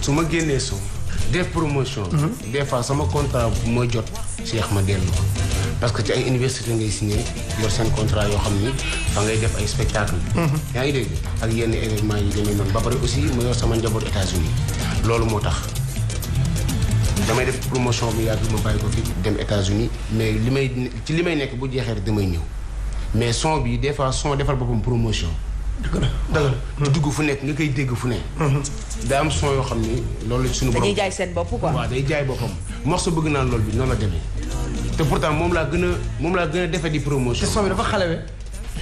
su ma génnee son def promotion. Mhm. des fois sama contrat mooy jot si yax ma dellu parce que ci ay université ngay signé yor seen contrat yoo xam ni fa ngay def ay spectacle mhm. yaa ngi dégg ak yenn événement yi demee noonu ba pare aussi ma yor sama njaboot États-Unis loolu moo tax. damay def promotion bi yàgg ma bàyyi ko fi dem États-Unis mais li may ci li may nekk bu jeexee rek damay ñëw mais son bi des fois son defal boppam promotion. dëgg la dëgg dugg fu nekk nga koy dégg fu ne. Mm-hmm. daa am son yoo xam ni loolu suñu borom dañuy jaay seen bopp quoi. waaw day jaay boppam morso bëgg naa loolu bi noonu la demee te pourtant moom laa gën a moom laa gën a defee di promotion. te son bi dafa xalewee.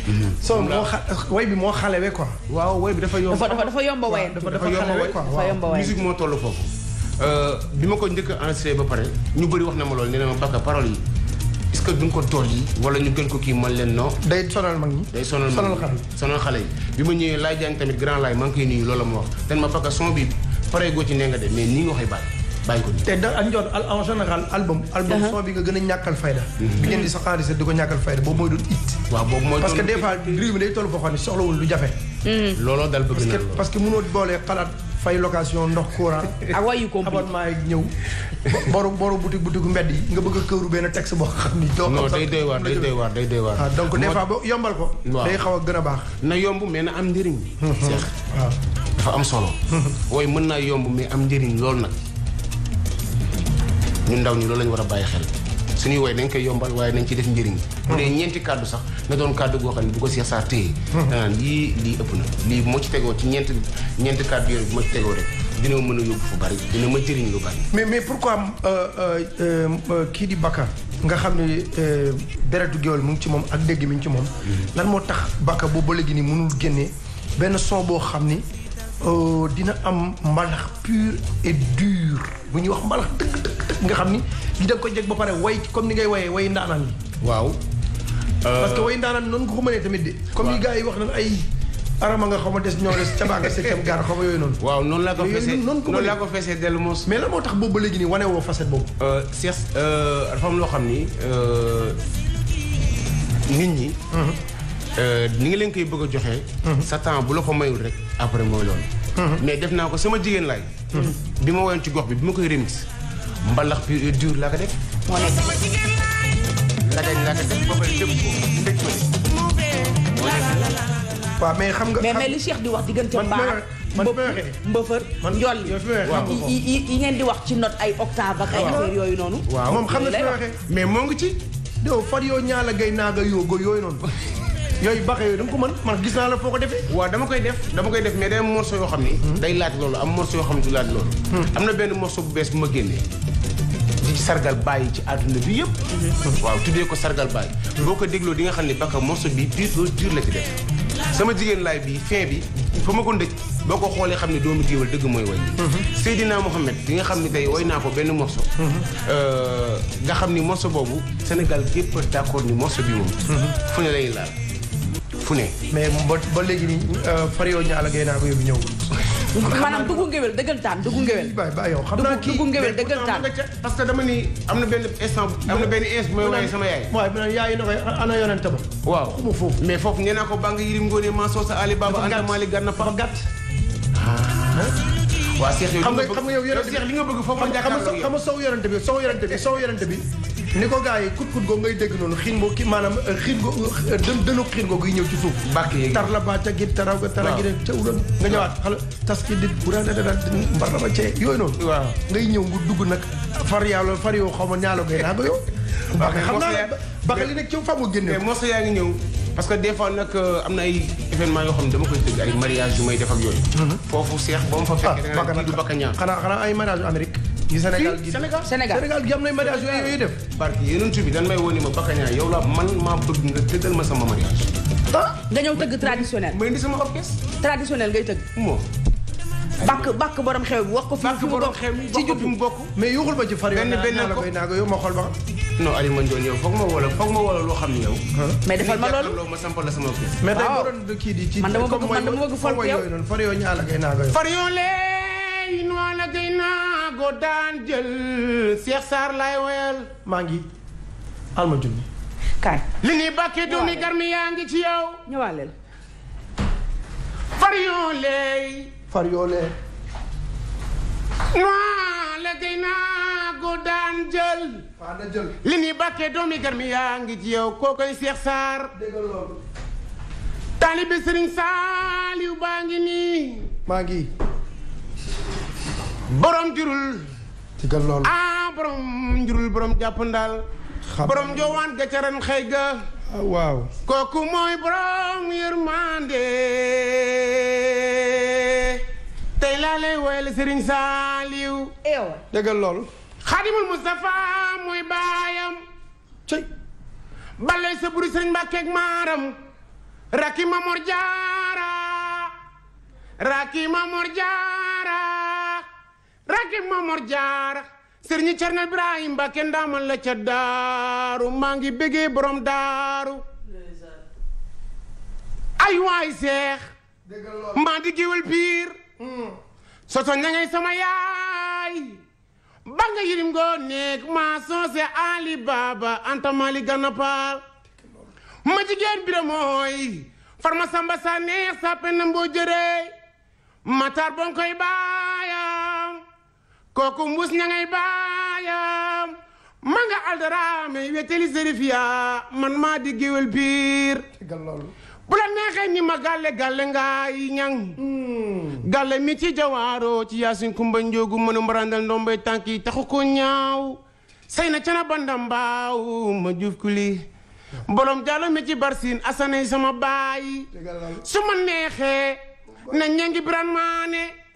Mm-hmm. son bi moo xa way bi moo xalewee quoi. waaw way bi dafa yomb dafa dafa yomb a waye. dafa dafa yomb a waye quoi moo toll foofu. Euh, bi ma ko njëkk a enregistré ba pare ñu bëri wax na ma loolu nee na ma Baka parole yi est-ce que duñ ko tool yi wala ñu gën ko kii man leen non day sonal mag ñi day sonal mag ñi sonal xale yi bi ma ñëwee laay jàng tamit grand laay maa koy nuyu loolu wax dan bàyyi bàyyi ko te da njoon en album album uh-huh. son nga gën a ñàkkal fayda mhm. bi ngeen di sa enregistré di ko ñàkkal fayda boobu mooy doon parce que des fois day toll foo xam soxlawul lu jafe mhm. looloo fay location ndox courant. ak wayu compli abonnement yi ñëw. boru boru boutique boutique mbedd yi nga bëgg a këru benn texte boo xam ni. doo ko day doy waar day doy waar day ah, donc des fois yombal ko. day xaw a gën a baax. na yomb mais na am njëriñ. seex ah. dafa am solo. wooy mën naa yomb mais am njëriñ lool nag. ñun ndaw ñi loolu lañu war a bàyyi xel. suñuy woy nañ koy yombal waaye nañ ci def njëriñ bu dee ñeenti kàddu sax na doon kàddu goo xam ne bu ko Cheikh Sarr téye lii lii ëpp na lii moo ci tegoo ci ñeenti ñeenti kàddu yooyu bu ma ci tegoo rek dina mën a yóbbu fu bari dina ma jëriñ lu bari mais mais am euh, euh, euh, kii di Bakka nga xam ne deretu géwél mu ngi ci moom ak dégg mi ci moom mm-hmm. lan moo tax Bakka boobu ba léegi ni mënul génnee benn son boo xam ni Euh, dina am mbalax pur et dur bu ñu wax mbalax dëgg dëgg nga xam ni li da ko jeg ba pare way comme ni ngay woyee way ndaanaan yi waaw euh, parce que way ndaanaan noonu nga ko mënee tamit de comme yi gars yi wax na nan ay arama nga xaw ma des ñoo des cabaa nga septième gaar xaw ma yooyu noonu waaw noonu laa ko fesee noonu laa ko fesee dellu mos mais moo tax boobu ba léegi nii wane woo facette boobu Cheikh euh, dafa am loo xam ni nit ñi mhm. Euh, ni nga leen koy bëgg a joxee mhm. sa temps bu la ko mayul rek après mooy loolu mhm. mais def naa ko sama jigéen laay mhm. bi ma woyoon ci gox bi bi ma koy remix mbalax bi euh, dur laa ko def la dañ laa ko def ba pare lépp ko waaw mais xam nga mais li Cheikh di wax diggante mbaar mbëfër njolli yi ngeen di wax ci note ay octave ak ay yooyu noonu waaw moom xam na fi waxee mais moo ngi ci doo far yoo ñaala gay naaga yoogo yooyu noonu yooyu baax yooyu da ko man man gis naa la foo ko defee waaw dama koy def dama koy def mais day am morceau yoo xam ni hmm. day laaj loolu am morceau yoo xam ne du laaj loolu hmm. am na benn morceau bu bees bu ma génnee di sargal bàyyi ci àdduna bi yëpp hmm. waaw tuddee ko sargal bàyyi boo ko dégloo di nga xam ne baka morceau bi pur dur la ci def sama jigéen laay bi fin bi fa ma ko ndëj boo ko xoolee xam ne doomu géwél dëgg mooy way Seydina Mohamed di nga xam ne tey way naa ko benn morceau euh, nga xam ni morceau boobu Sénégal gépp d'accord ni morceau bi moom fu ne lay laal fu ne. mais ba ba léegi nii euh, Fario Niala Guèye naa ko yow xam naa kii dugg ngewel dëggantaan. parce que dama ni am na benn instant. am yaay. waaw yaay na ana yonent ba. waaw mais foofu nee naa ko baa nga yirim ngoone maa soosa Ali Baba anda Mali gànna fa gàtt. Ah. waa Cheikh yow xam bi sow yorante bi ni ko gars yi kut kut goo ngay dégg noonu xiin boo kii euh, xiin go euh, guy ñëw ci suuf tar la ga tara gi ca uloon nga ñëwaat xala tas ki dit bu daal daal mbar la ba cee yooyu noonu nag far yàlla far yow xaw ma ñaalo ngay naa ko yow xam naa li nekk ci fa mu génne mosu yaa ngi ñëw parce que des fois nag euh, am na ay événement yoo xam ne dama koy dégg ay mariage yu may def ak yooyu mhm. foofu seex ba mu fa fekkee ah, du bakka xanaa xanaa ay mariage Amérique ci Sénégal gi gitu. Sénégal Sénégal gi am na mariage yooyu iya, iya, def barki yeneen tubi dan may woni ma bakaña yow ya, ya la man ma bëgg nga tëggal ma sama mariage nga ñëw tëgg traditionnel may indi sama orchestre traditionnel ngay tëgg mo bak bak borom xew bi wax fi borom xew bi ci jub mu bokk mais yuxul ba ci far benn benn la koy yow ma xol ba non ali man doon yow foog ma wala foog ma wala loo xam ne yow mais defal ma loolu ma sampal la sama orchestre mais tay borom de kii di ci man dama bëgg man dama bëgg far yow far yow ñaala ngay naago yow far yow lee wana gay naa go daan jël Cheikh Sarr lay woyal maa ngi alma junni kaay li ni bàkkee doomi garmi yaa ngi ci yow ñëwaaleel far yoo leey far yoo leey la gay naa go daan jël li ni bàkkee doomi garmi yaa ngi ci yow koo koy Cheikh Sarr déggal Saaliw baa ngi nii borom jurul digal lol ah borom jurul borom jàppandal borom jowan ga ca xey ga waaw koku moy borom yermande tay la lay wel Serigne saliw ew degal lol khadimul mustafa moy bayam cëy balay sa buri Serigne Mbàkke ak maram rakima Mamor Jaara rakki Jaara rakki Mamor jaar serigne Cerno Ibrahim Mbàkke ndaamal la ca daaru maa ngi bëggee borom daaru ay way seex ma di géwél bir hmm. soso se ngay sama yaay ba nga yirim go néeg ma soose Ali Baba Anta Mali ma bi moy farma samba sa neex sa pen mbo jere matar bon koy kooku mbuus ña ngay baayam ma nga aldaraame weteli sérif yaa man maa di biir bu la neexee ni ma gàlle gàlle ngaay ñang hmm. gàlle mi ci jawaaro ci yaasin kumba njoogu mënu mbarandal ndombay tànk yi taxu ko ñaaw say na cana bandam mbaaw ma juuf kuli borom jàllo mi ci barsin asanay sama baay su ma neexee na ñangi biran maane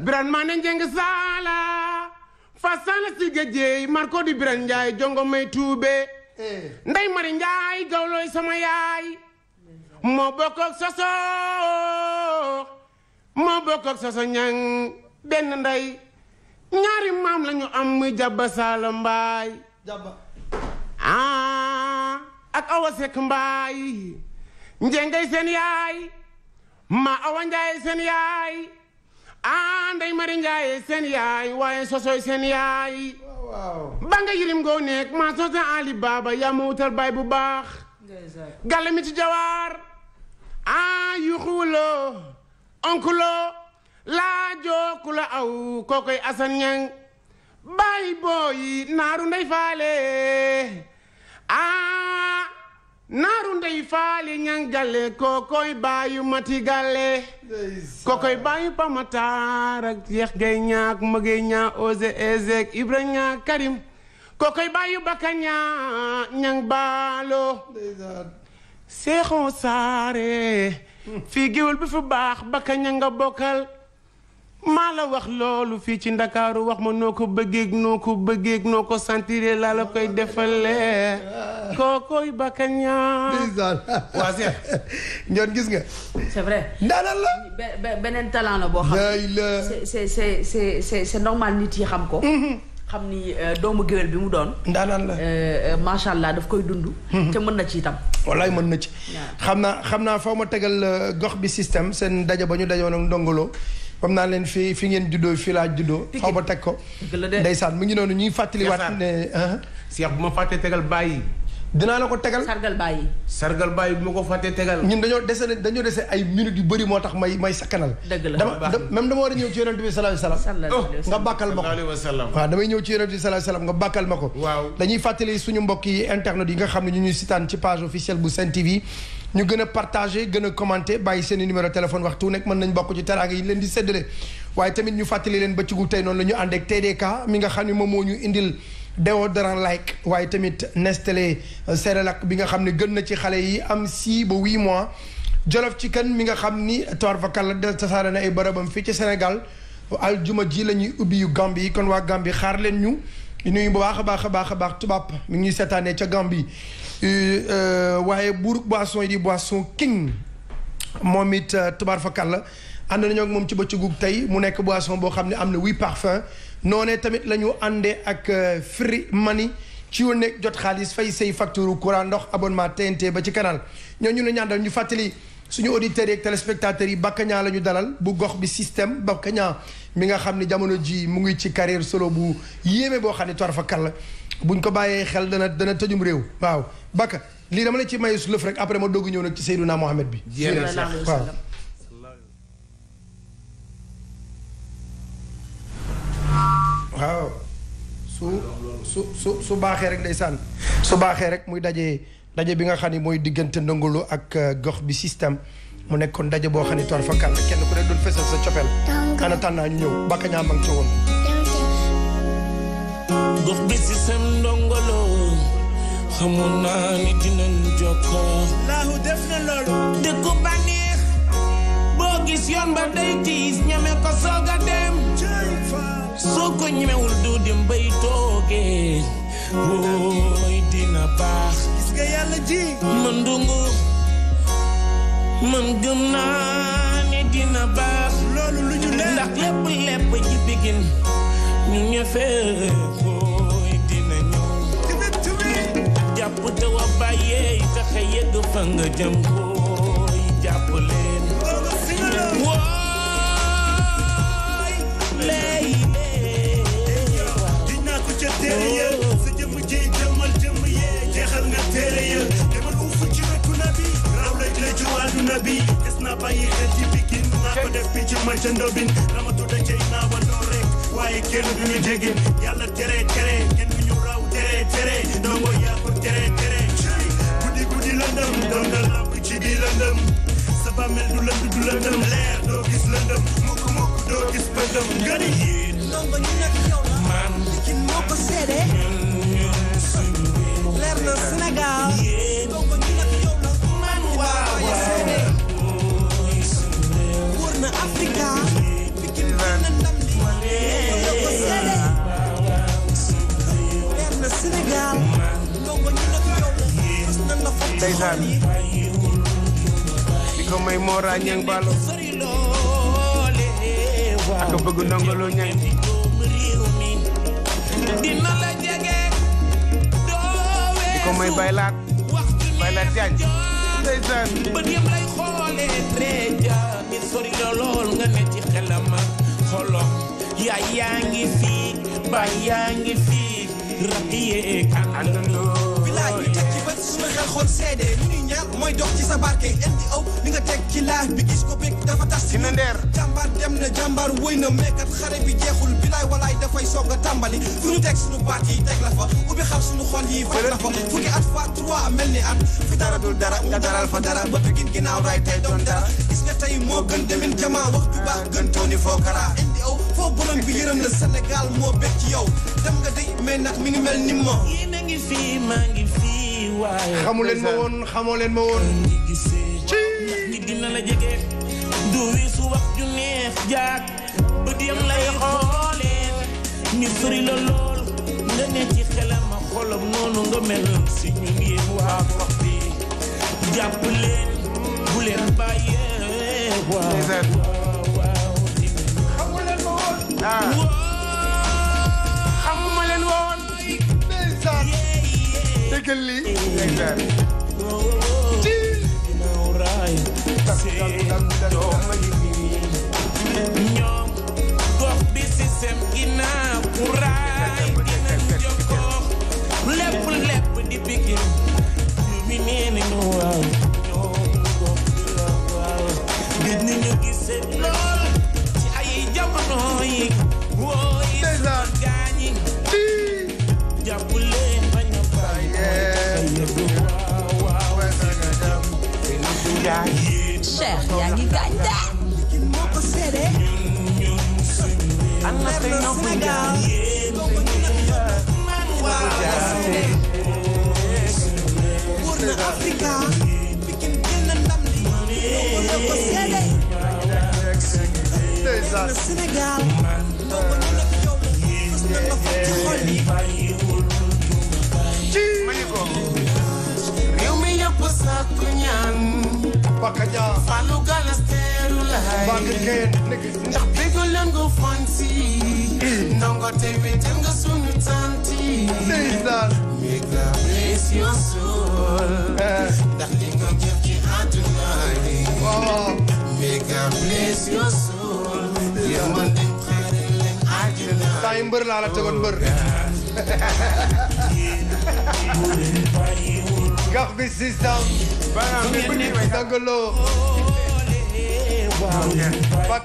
biran mane jeng sala fasala gede marco marko di biran jonggo jongo may tuube eh. nday mari njaay gawloy sama yaay mo bokk soso mo bokk soso ñang benn ñaari lañu am jabba sala jabba ah ak awa sek mbaay njengay seni yaay ma awan jai seni yaay ah Ndeye Mary Ndiaye seen yaay waaye sosoy seen yaay. ba nga yirim ngoo nekk maa soose Ali yaa ma wutal baay bu baax. gàll mi ci jawaar. ah yuxuwuloo. onkuloo. laajoo la aw kookoy Assane Niang. baay booyi naaru ndey faale. ah. naaru ndey faali ñang galle kookoy baayu mati galle kookoy baayu pamataar ak yeex gay ñaak mëgey ñaa ose ezek ibra ñaa karim kookoy baayu baka ñaa ñang baalo seexoo saare hmm. fii géwél bi fu baax baka ña nga bokkal maa la wax loolu fii ci ndakaaru wax ma noo ko bëggeeg noo ko bëggeeg noo ko sentiré laa la koy defalee kookooy bakkañaa waa seex ñoon gis nga c'est vrai ndaanaan la beneen talent la boo xam ne c'est c'est c'est c'est xam ko mm-hmm. xam ni euh, doomu géwél bi mu doon ndaanaan la euh, euh, macha allah daf koy dund mm-hmm. te mën na ci itam wallaay mën na ci xam naa xam naa faw ma tegal gox bi système seen daja ba ñu dajoon ak ndongoloo xam naa leen fii fi ngeen juddoo fii laa juddoo. xaw ma teg ko. ndeysaan mu ngi noonu ñuy fàttaliwaat ne. Ah. Cheikh bu ma fàttee tegal bàyyi. dinaa la ko tegal sargal bàyyi. sargal bàyyi bu ma ko fàttee tegal. ñun dañoo dese dañoo dese yu bëri moo tax may may sakkanal. dëgg la dama même dama war a ñëw ci yonent bi sallallahu alayhi wasallam nga bàkkal ma ko waaw damay ñëw ci yonent bi sallallahu nga bàkkal ma ko. waaw dañuy fàttali suñu mbokk yi internet yi nga xam ne ñu ñuy sitaan ci page officielle bu Sen TV ñu gën a partagé gën a commenté bàyyi seen numéro téléphone waxtu nekk mën nañ bokk ci teraanga yi leen di séddale waaye tamit ñu fàttali leen ba ci gu tey noonu la ñu ànd ak TDK mi nga xam ne moom moo ñu indil déodorant like waaye tamit Nestlé Cerelac bi nga xam ne gën na ci xale yi am 6 ba 8 mois Jolof Chicken mi nga xam ni toir vakal la tasaare na ay am fii ci Sénégal aljuma ji la ñuy ubbi yu Gambie yi kon waa Gambie xaar leen ñu nuyu bu baax baax a baax a baax tubaab mi ngi ñuy seetaanee ca Gambie Euh, euh, waaye buur boisson yi di boisson king moom it euh, tubaar fakal la ànd nañoo ak moom ci bëccëgu tey mu nekk boisson boo xam ne am na huit parfum noonee tamit la ñu àndee ak Free Money ci yoon nekk jot xaalis fay say facture courant ndox abonnement TNT ba ci canal ñooñu la ñaandal ñu fàttali suñu auditeurs yi ak téléspectateurs yi Bakagna la ñu dalal bu gox bi système Bakagna mi nga xam ne jamono ji mu ngi ci carrière solo bu yéeme boo xam ne tubaar buñ ko bàyyee xel dana dana tëjum réew waaw bakka lii dama la ci mayu su lëf rek après ma dogg ñëw nag ci Seydina Mohamed bi waaw waaw su su su su baaxee rek day ndeysaan su baaxee rek muy daje daje bi nga xam ni mooy diggante ndongolu ak euh, gox bi système mu nekkoon daje boo xam ni toor fa kenn ku ne doon fesal sa cofeel ana naa ñu ñëw bakka ñaa mang ca woon gox bi si seen ndongolo xamoon naa ni dinañ jokkoo laahu def dëkku bànneex boo gis yoon ba day tiis ñeme ko soog a dem soo ko ñemewul du dem bay toogee wooy dina baax gis dungu man gëm naa ne dina baax loolu lu ñu ndax lépp lépp ji bigin ñu ñëfe booy dina ñëw jàpp te wa bàyye taxe yegg fa nga jëm booy jàpp leen wooy lay dina ko ca téere ya sa jëm jëy jëmal jëm yee jeexal nga téere ya demal uuf ci wetu nabi raw laj la juwaanu nabi des na bàyyi xel ci bikin naa ko def bi ci ma ca ndobin ramatu da cay naa wa waaye kenn du ñu jege yàlla tere tere kenn du ñu raw tere tere ndongo yaa ko tere tere guddi guddi lëndëm doon nga làpp ci biir lëndëm sa bàmmeel du lënd du lëndëm leer doo gis lëndëm mukk mukk doo gis pëndëm nga ni man ki moo ko leer na Sénégal ndongo ñu man waaw yaa seede wóor na Afrika pikin na ndeysaan di ko may moo ñang balo ak bëgg ndongolo ñang dina la jege di ko may baylaat baylaat jaañ ndeysaan bët yam lay xoole treja mi sori la lool nga ne ci xelam يا fi في بايانجي في رقية كأنو bilaay teg ci bët su ma xel xool seede lu ñuy ñaar mooy dox ci sa barke indi aw li nga teg ci laaj bi gis ko bég dafa tas si na ndeer jàmbaar dem na jàmbaar wëy na meekat xare bi jeexul bilaay walaay dafay soog nga tàmbali fu ñu teg suñu baat yi teg la fa ubbi xam suñu xol yi faj la fa fukki at fois trois mel at fi dara dul dara nga daral fa dara ba pigin ginnaaw raay tey doon dara gis nga tey moo gën demin jamaa wax du gën tooni foo karaa foo borom bi yërëm la Sénégal moo bég ci yow dem dey mais nag mel ni ma. yéen a ngi fi maa ngi fi waaye. xamu leen ma woon xamoo leen ma woon. ci dina la jege du weesu wax ju neex jaag ba dem lay xoolee ñu sori la lool nga ne ci xelam a xolam noonu nga mel si ñu yéen waa gox bi jàpp leen bu leen bàyyee xamuma leen woon. ndeysaan. déggal lii. ndeysaan. ñoom gox bi système ginnaaw. raay dinañ jokkoo lépp lépp di bigin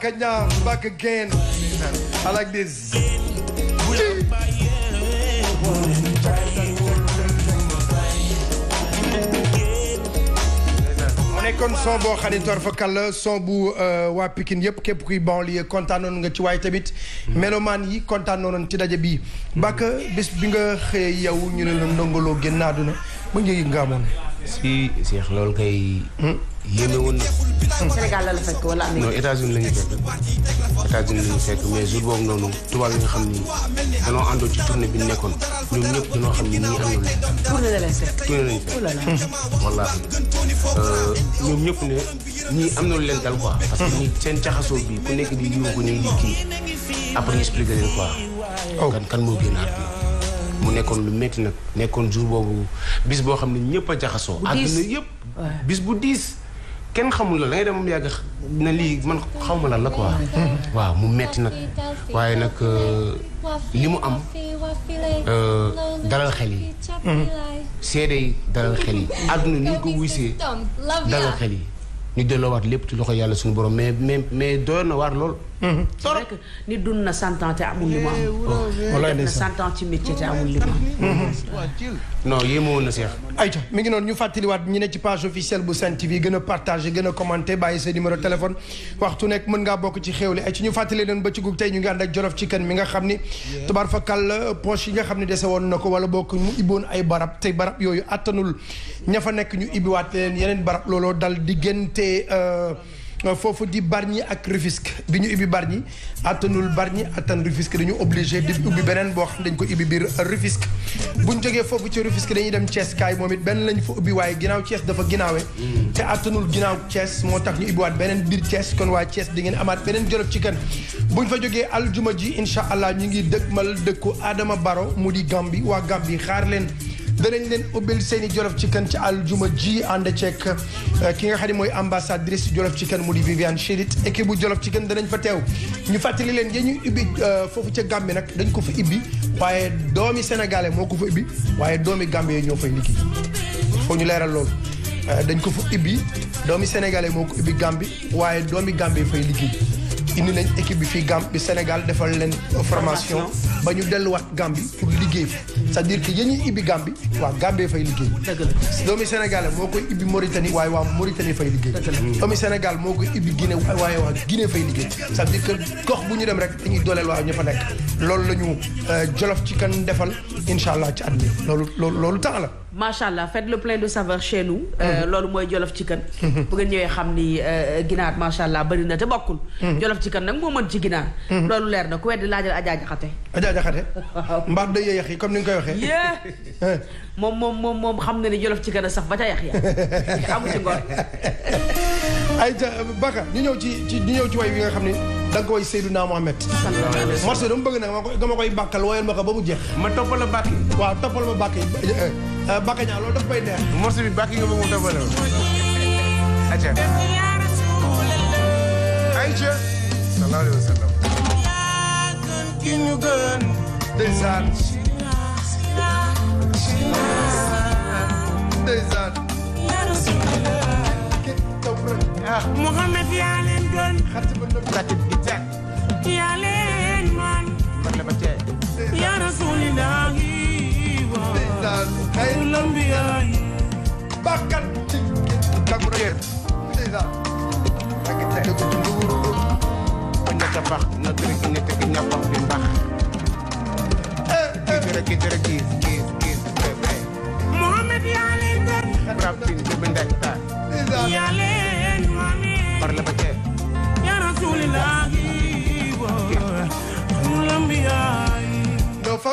Baka Nyam, back again. I like this. mu son boo xam ne torfakal son bu euh, waa Pikine yëpp képp kuy banlieue kontaanoon nga ci waay tamit. melomaan yi kontaanoon ci daje bi Baka bés bi nga xëyee yow ñu ne la ndongoloo génn àdduna ba njëgi nga amoon. si Cheikh loolu kay. yéeme woon na. Sénégal la la fekk wala Amérique. non États-Unis la ñu fekk États-Unis la mais jour boobu noonu tubaab yi nga xam ni danoo àndoon ci tournée bi nekkoon ñoom ñëpp danoo xam ni ñii àndoon nañu. tournée la leen fekk tournée la euh, ñëpp ne ñii am na lu leen dal quoi. parce que ñii seen caxasoo bi ku nekk di yuuxu nii di kii après expliqué leen quoi. Oh. kan kan moo génnaat bi. mu nekkoon lu métti nag nekkoon jour boobu bis boo xam ne ñëpp a jaxasoo. àdduna yëpp bis bu diis. kenn xamul la da ngay dem mu yàgg na lii man xaw ma lan la ko waaw mu metti nag waaye nag euh, li mu am euh, dalal xel yi. seede yi dalal xel yi. àdduna ni ñu ko wuysee dalal xel yi ñu delloowaat lépp ci loxo yàlla suñu borom mais mais mais doyoon na waat lool. c'est vrai que nit dund na cent ans te amul li mu am. Eh, oh. walaay de cent ans ci métier te amul li mu am. Mm-hmm. non yéemoo na Cheikh. ayca mi ngi noonu ñu fàttaliwaat ñu ne ci page officielle bu Sen TV gën a partagé gën a commenté bàyyi sa numéro téléphone waxtu nekk mën ngaa bokk ci xéwli ay ci ñu fàttali leen ba ci gub tey ñu ngi ànd ak jolof ci kan mi nga xam ni tubaar fakal poche yi nga xam ne dese woon na ko wala bokk mu ibboon ay barab tey barab yooyu attanul ña fa nekk ñu ibbiwaat leen yeneen barab looloo dal diggante euh, Euh, foofu di Bargny ak Rufisque bi ñu ubbi Bargny attanul Bargny attan Rufisque dañu obligé di ubbi beneen boo xam dañ ko ibbi biir Rufisque bu ñu jógee foofu ci Rufisque dañuy dem Thiès kaay moom it benn lañ fa ubbi waaye ginnaaw Thiès dafa ginnaawee te attanul ginnaaw Thiès moo tax ñu ubbiwaat beneen biir Thiès kon waa cees di ngeen amaat beneen jolof ci kan bu ñu fa jógee aljuma ji incha allah ñu ngi dëgmal dëkku aadama Baro mu di Gambie waa Gambie xaar leen danañ leen ubbil seen i jolof ci kan ci aljuma ji ànd ceeg euh, ki nga xam ne mooy ambassadrice jolof ci kan mu di Viviane Chidid équipe bu jolof ci kan danañ fa teew ñu fàttali leen yéen ñu ubbi euh, foofu ca Gambie nag dañ ko fa ibbi waaye doomi sénégalais moo ko fa ibbi waaye doomi Gambie ñoo fay liggéey foo ñu leeral loolu euh, dañ ko fa ibbi doomi sénégalais moo ko ibbi Gambie waaye doomi Gambie fay liggéey indi nañ équipe bi fii Gambie Sénégal defal leen formation ba ñu delluwaat Gambie pour liggéey fi c'est-à-dire que yéen ñuy ibbi Gambie waa Gambie fay liggéey doomi Sénégal moo koy ibbi Mauritanie waaye waa Mauritanie fay liggéey doomi Sénégal moo koy ibbi Guinée waaye waa Guinée fay liggéey c'est-à-dire que gox bu ñu dem rek dañuy dooleel waa ñu fa nekk loolu la ñu euh, jolof ci kan defal incha allah ci at mi loolu loolu loolu la macha allah faites le plein de saveur chez nous. Euh, mhm. loolu mooy jolof ci kan. Mhm. bu ngeen ñëwee xam ni euh, ginaar macha allah bari na te bokkul. Mhm. jolof ci kan nag moo mën ci ginaar. loolu leer na ku weddi laajal Adja Jaxate. Adja Jaxate. mbaa day yéex yi comme ni nga koy waxee. moom moom moom moom xam na ne jolof ci gën a saf ba ca yax ya amu ci ngor ay ja Baka ñu ñëw ci ci ñu ñëw ci way wi nga xam ne da nga ko way Seydouna Mohamed marché dama bëgg nag ma ko dama koy bàkkal woyoon ma ko ba mu jeex ma toppal la bàkk yi waaw toppal ma bàkk yi Baka ñaa loolu daf bay neex marché bi bàkk yi nga bëgg mu toppal aca ay ja sallallahu alayhi wa sallam ki ñu gën ndeysaan Mouhamed yaa leen doon xartaba no tatit di teg yaa leen man man dama tey yaa rasulillahi wa xayrul anbiyaa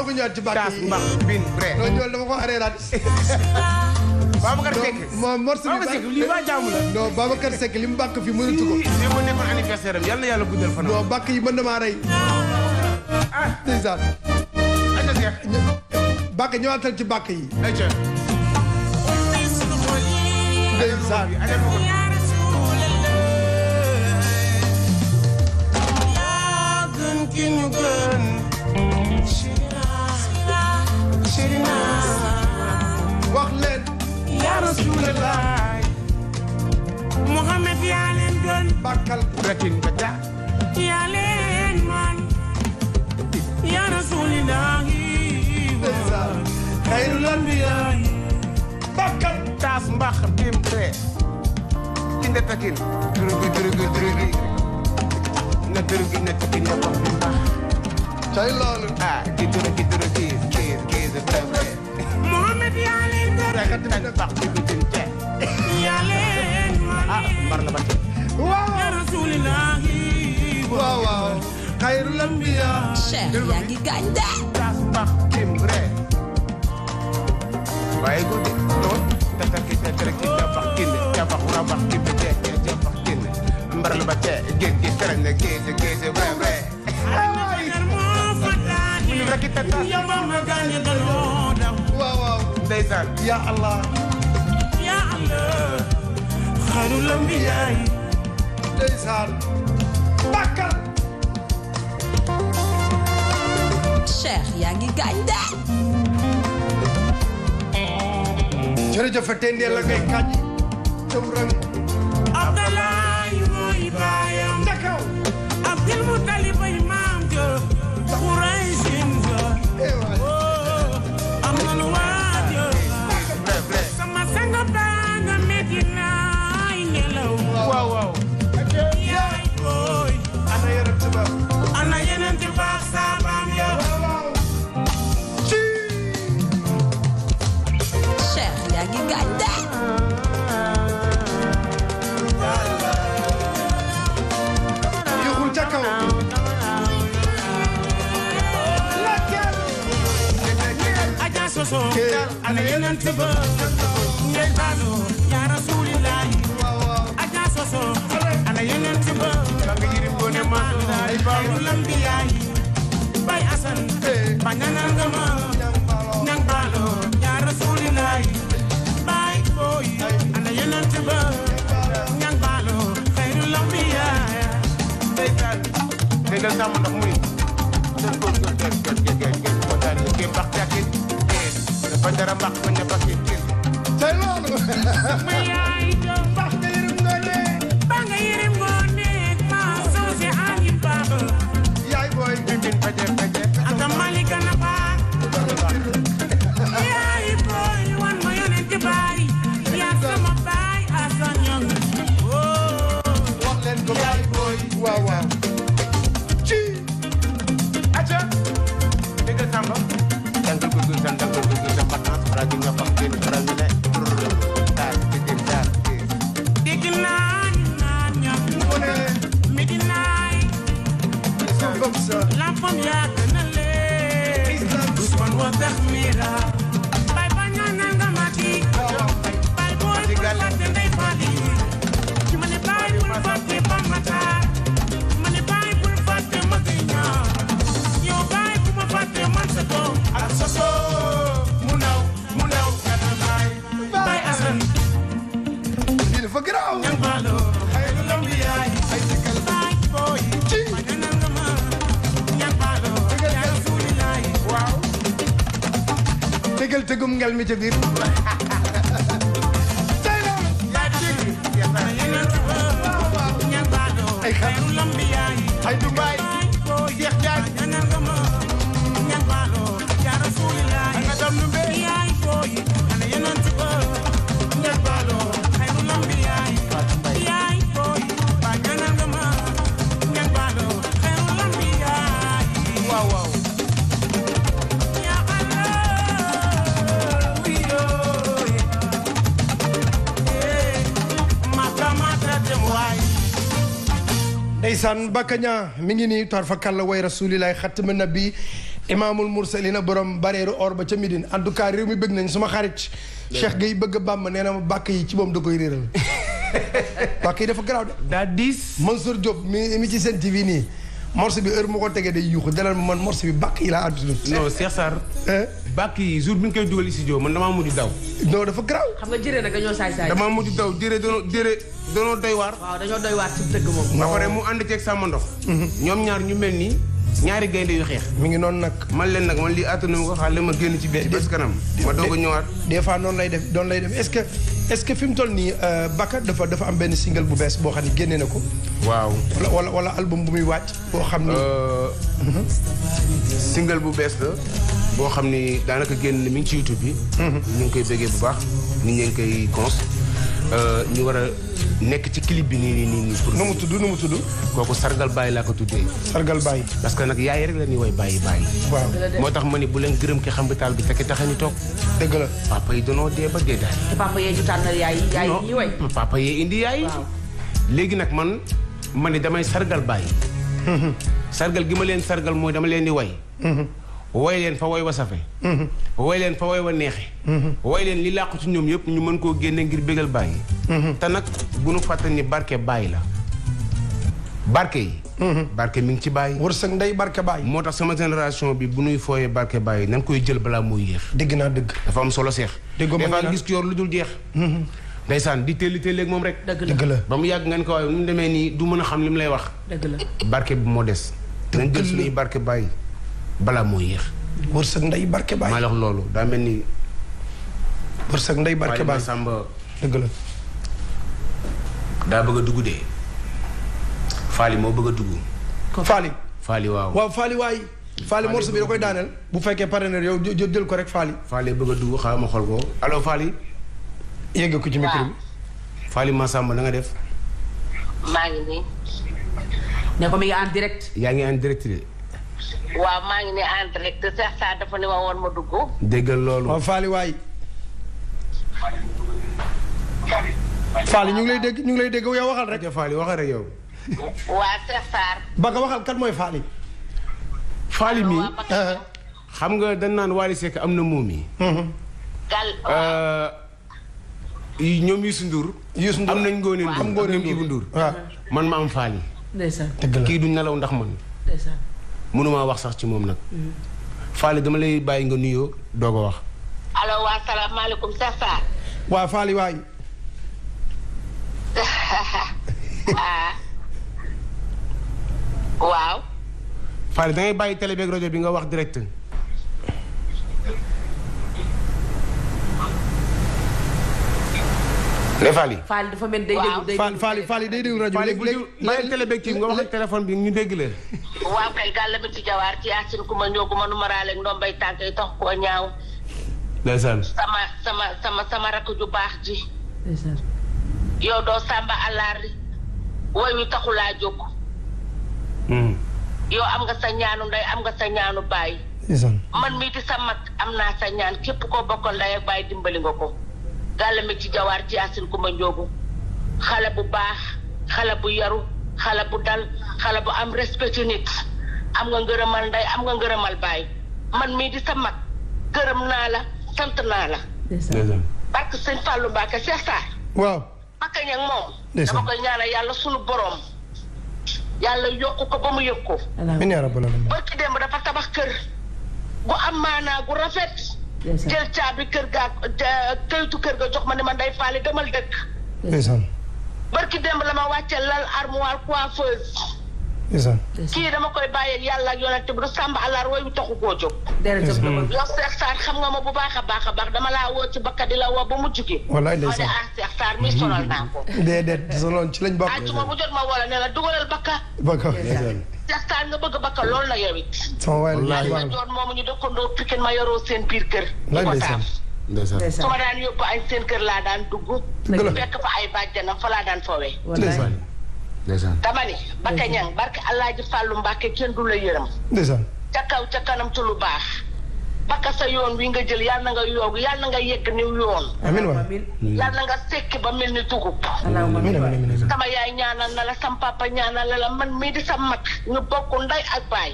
ko ñëwaat ci bàkk yi kaas mbax bin bre. non ñoom dama ko arrêté. Babacar Seck moom morceau bi Seck lii waa jaamu la. non Babacar Seck li mu bàkk fi mënatu ko. lii ma nekkoon anniversaire am yal na yàlla guddal fan. non bàkk yi mën na maa rey. ah ndeysaan. ayca Seck. bàkk ñëwaatal ci bàkk yi. ayca. ndeysaan. yaa gën ki ñu gën. wax leen yaa rasulallah Muhammad yaa leen doon bàkkal rekin nga ja yaa leen man yaa rasulallah xayrul anbiyaa bàkkal taas mbax bim tre kinde takin durugi durugi durugi na durugi na takin ya bak bim baax Soy loolu ah gituru gituru kiis kiis kiis tamit. Mohamed yaa leen gën. Daka dina ko sax ci bitim te. Yaa leen man. Ah mbar la ba tey. Waaw. Ya Rasulillahi. Waaw waaw. Xayrul anbiya. Cheikh yaa ngi gaañ de. Tas bax timbre. Waaye guddi lool. Tata ki tata ki jabax kinde jabax rabax kinde jabax kinde. Mbar la ba tey. Géej gi tereñ la géej géej vrai vrai. rek it tak ya gagne dañoo daw waaw ya allah ya allah ngi la ngay Cevir ndeysaan bakkaña mi ngi nii tar fa kàlla way rasulilaay xatma nabi imaamul mursalina borom bareeru or ba ca midin en tout cas réew mi bëgg nañ suma xarit Cheikh Gueye bëgg a bàmm nee na ma bàkk yi ci moom da koy réeral bàkk yi dafa garaaw de daa diis Mansour Diop mi mi ci seen TV nii morse bi heure mu ko tegee day yuuxu dalal ma man morse bi bàkk yi laa àdduna non Cheikh Sarr bàkk yi jour bi nga koy dugal studio man damaa mujj daw. non dafa garaaw. xam nga jërë nag dañoo saay saay. damaa mujj daw jërë doon jërë doonoo doy waar. waaw dañoo doy waar ci dëkk moom. ba pare mu ànd ceeg sama ndox. Mhm. ñoom ñaar ñu mel nii. ñaari gaynde yu xeex. mi ngi noonu nag. man leen nag man lii attanu ko xaaral ma génn ci benn bés kanam. ma doog ñëwaat. des fois noonu lay def noonu lay def est-ce que est-ce que fi mu toll nii euh, Baka dafa dafa am benn single bu bees boo xam ne génne na ko. waaw wala wala wala album bu muy wàcc. boo xam ni. Euh, mhm. single bu bees la. boo xam ni daanaka génn mi ngi ci YouTube bi. Mhm. ñu ngi koy bëggee bu baax nit ñi ngi koy cons. Euh, ñu war a nekk ci clip bi nii nii nii nii. nu mu tudd nu mu tudd. kooku sargal bàyyi laa ko tuddee. sargal bàyyi. parce que nag yaay rek la ñuy woy bàyyi bàyyi. waaw moo tax ma ni bu leen gërëm ki xam bi taal bi te ki tax a ñu toog. dëgg la papa yi danoo dee ba dee daal. te papa yee ju tànnal yaay yaay yi ñuy woy. papa yee indi yaay. léegi nag man ma ni damay sargal bàyyi. sargal gi ma leen sargal mooy dama leen di way woy leen fa woy wa safe mm-hmm. woy leen fa woy wa neexe mm-hmm. woy leen li làqu ci ñoom yëpp ñu mën koo génne ngir bégal bàyyi mm-hmm. te nag bu nu fàtta ni barke bàyyi la barke yi barke mi ngi ci bàyyi war wërsëg ndey barke bàyyi moo tax sama génération bi bu nuy fooyee barke bàyyi nan koy jël balaa mooy yéex dégg naa dëgg dafa am solo seex dafa gis ki yor lu dul jeex ndeysaan di téeli téeli ak moom rek dëgg la ba mu yàgg ngeen ko waaye nu mu demee nii du mën a xam li mu lay wax dëgg la barke bi moo des nañ jël suñuy barke bàyyi balaa moo yéex. wërsëg ndey barke baay. maa loolu daa mel ni. wërsëg ndey barke baay Samba. dëgg la. daa bëgg a dugg de. Faali moo bëgg a dugg. Faali. Faali waaw waaw Faali waay. Faali morceau bi da koy daaneel. bu fekkee pare na yow jël ko rek Faali. Faali bëgg a dugg xaaral ma xool ko allo Faali. yegg ko ci micro bi. Faali Massamba na nga def. maa ngi nii. ne ko mi ngi en direct. yaa ngi en direct de. waaw maa ngi ne en direct Cheikh Sarr dafa ne ma woon ma dugg. déggal loolu. waaw Faly waay. Faly ñu ngi lay dégg ñu ngi lay dégg yow waxal rek. Faly waxal rek yow. waa Cheikh Sarr. ba nga waxal kan mooy Faly. Faly mii. Uh-huh. xam nga dañ naan Waly Seck am na moom uh-huh. uh, yi. ñoom Youssou Ndour. Youssou Ndour am nañ Ngoné Ndour am Ngoné Ndour. Uh-huh. man ma am Faly. ndeysaan dëgg la kii du nelaw ndax man. ndeysaan. mënuma wax sax ci moom nag. Faly dama lay bàyyi nga nuyoo doo ko wax. allo waa salaamaaleykum Cheikh Sarr. waa Faly waay. Ah. waaw. Faly da ngay bàyyi télé beeg bi nga wax direct. ne Fall yi. Fall dafa mel day déglu. waaw Fall Fall yi day déglu rajo léegi léegi. léegi télé beeg ci nga wax ak téléphone bi ñu dégg leen. waaw kay gàll bi ci jawaar ci asin ku ma ñëw ku ma numaraale ak ndombay tànk yi tax koo ñaaw. ndeysaan. sama sama sama sama rakk ju baax ji. ndeysaan. yow doo sàmba àllaari. wooy ñu taxulaa jóg. Hmm. yow am nga sa ñaanu ndey am nga sa ñaanu baay. man mii di sa mag am naa sa ñaan képp koo bokkal ndey ak baay dimbali nga ko. gàlla mi ci jawaar ci asin kumba njoogu xale bu baax xale bu yaru xale bu dal xale bu am respecté nit am nga ngërëmal ndey am nga ngërëmal baay man mii di sa mag gërëm naa la sant naa la barke sëñ Fallou Mbacke Cheikh Sarr waaw ma ñag moom dama koy ñaanal yàlla sunu boroom yàlla yokk ko ba mu yëg ko barki démb dafa tabax kër gu am maanaa gu rafet jël caabi kër gaa këytu kër ga jox ma ne ma ndey faale demal dëkk. ndeysaan. barki démb la ma wàccee lal armoire coiffeuse. ndeysaan. kii dama koy bàyyee yàlla ak yonent bi du sàmb àllar wayu taxu koo jóg. yow Seex Sarr xam nga ma bu baax baax baax dama laa woo ci bakka di la woo ba mu jugee. wallaay ndeysaan ma ne ah Seex Sarr mi sonal naa ko. déedéet sonaloon ci lañ bokk. ah ci ma bu jot ma wala ne la dugalal bakka. bakka jaxtaan nga bëgg a bakka loolu la yow it. sama waay la ñu doon moomu ñu dëkkandoo ma yoroo seen biir kër. di ko taam su ma daan yóbbu ay seen kër laa daan dugg. fekk fa ay bàjjana fa laa daan foowee. ndeysaan ndeysaan dama ni ba kañang barke Alaaji Fàllu Mbàkke kenn du la yërëm. ndeysaan ca kaw ca kanam ci lu baax. parce sa yoon wi nga jël yal na nga yokk yal na nga yegg ni yoon. amiin waay yal na nga sekki ba mel ni dugub. sama yaay ñaanal na la sam papa ñaanal na la man mii di sa mag ñu bokk nday ak baay.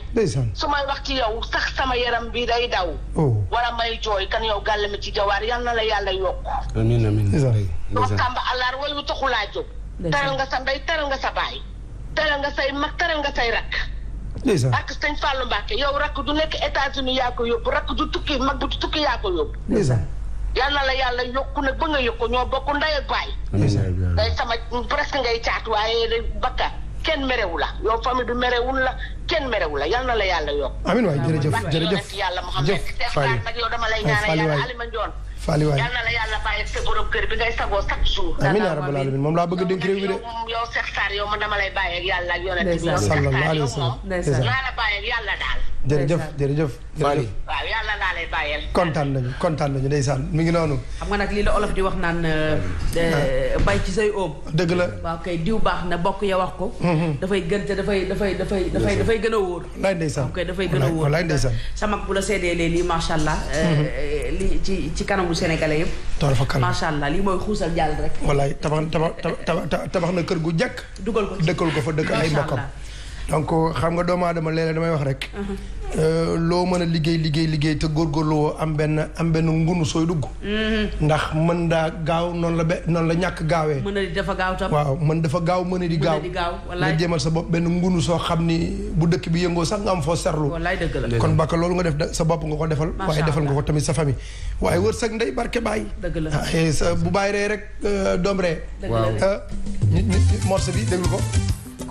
su may wax ci yow sax sama yaram bi day daw. Oh. wala may jooy kan yow gàll mi ci jawaar yal na la yàlla yokk. amiin yi wax kàmba alaar wayu taxulaa jóg. teral nga sa ndey teral nga sa baay. teral nga say mag teral nga say rakk. ak sëñ Fallou Mbacke yow rakk du nekk États-Unis yaa ko yóbbu rakk du tukki mag bu tukki yaa ko yóbbu. yàlla la yàlla yokku nag ba nga yokku ñoo bokku ndey ak baay. day sama presque ngay caat waaye bakka kenn merewu la yow famille bi merewul la kenn merewu la yàlla na la yàlla yokk. amiin waay jërëjëf jërëjëf yàlla Mouhamed. jëf Fally Fally waay Faly waay yal na la yàlla bàyyi sa borom kër bi ngay sagoo chaque jour. amiin yaa rabbal aalamiin moom laa bëgg a dénk réew mi de. yow Cheikh Sarr yow man dama lay bàyyi ak yàlla ak yonent bi. sallallahu alayhi wa sallam yow moom naa la bàyyi ak yàlla daal. jërëjëf jërëjëf jërëjëf waaw yàlla laa lay kontaan nañu kontaan nañu ndeysaan mi ngi noonu xam nga nag lii la olof di wax naan euh, ah. euh, bay ci say óom dëgg la waaw kay diw baax na bokk ya wax ko mm-hmm. dafay gën te dafay dafay dafay dafay gën a wóor laay ndeysaan kay dafay gën a wóor laay sama bu la seedee lii macha allah euh, mm-hmm. lii ci ci kanamu sénégalais yëpp tool fa allah lii mooy xuusal jàll rek walaay tabax tabax tabax na kër gu jekk dugal dëkkal ko fa dëkk ay mbokkam donc xam nga doomu aadama léeg-léeg damay wax rek. Euh, loo mën a liggéey liggéey liggéey te góorgóorlu woo am benn am benn ngunu sooy dugg. Mm-hmm. ndax mën daa gaaw noonu la be noonu la ñàkk gaawee. mën a di dafa gaaw waaw mën dafa gaaw mën a di gaaw. nga jéemal sa bopp benn ngunu soo xam ni bu dëkk bi yëngoo sax nga am foo serlu. wallaay dëgg la kon bakka loolu nga def sa bopp nga ko defal. waaye defal nga ko tamit sa famille. waaye mm-hmm. wërsëg ndey barke baay. dëgg la eh, sa bu bàyyi ree rek euh, doom ree. dëgg la euh, morse bi déglu ko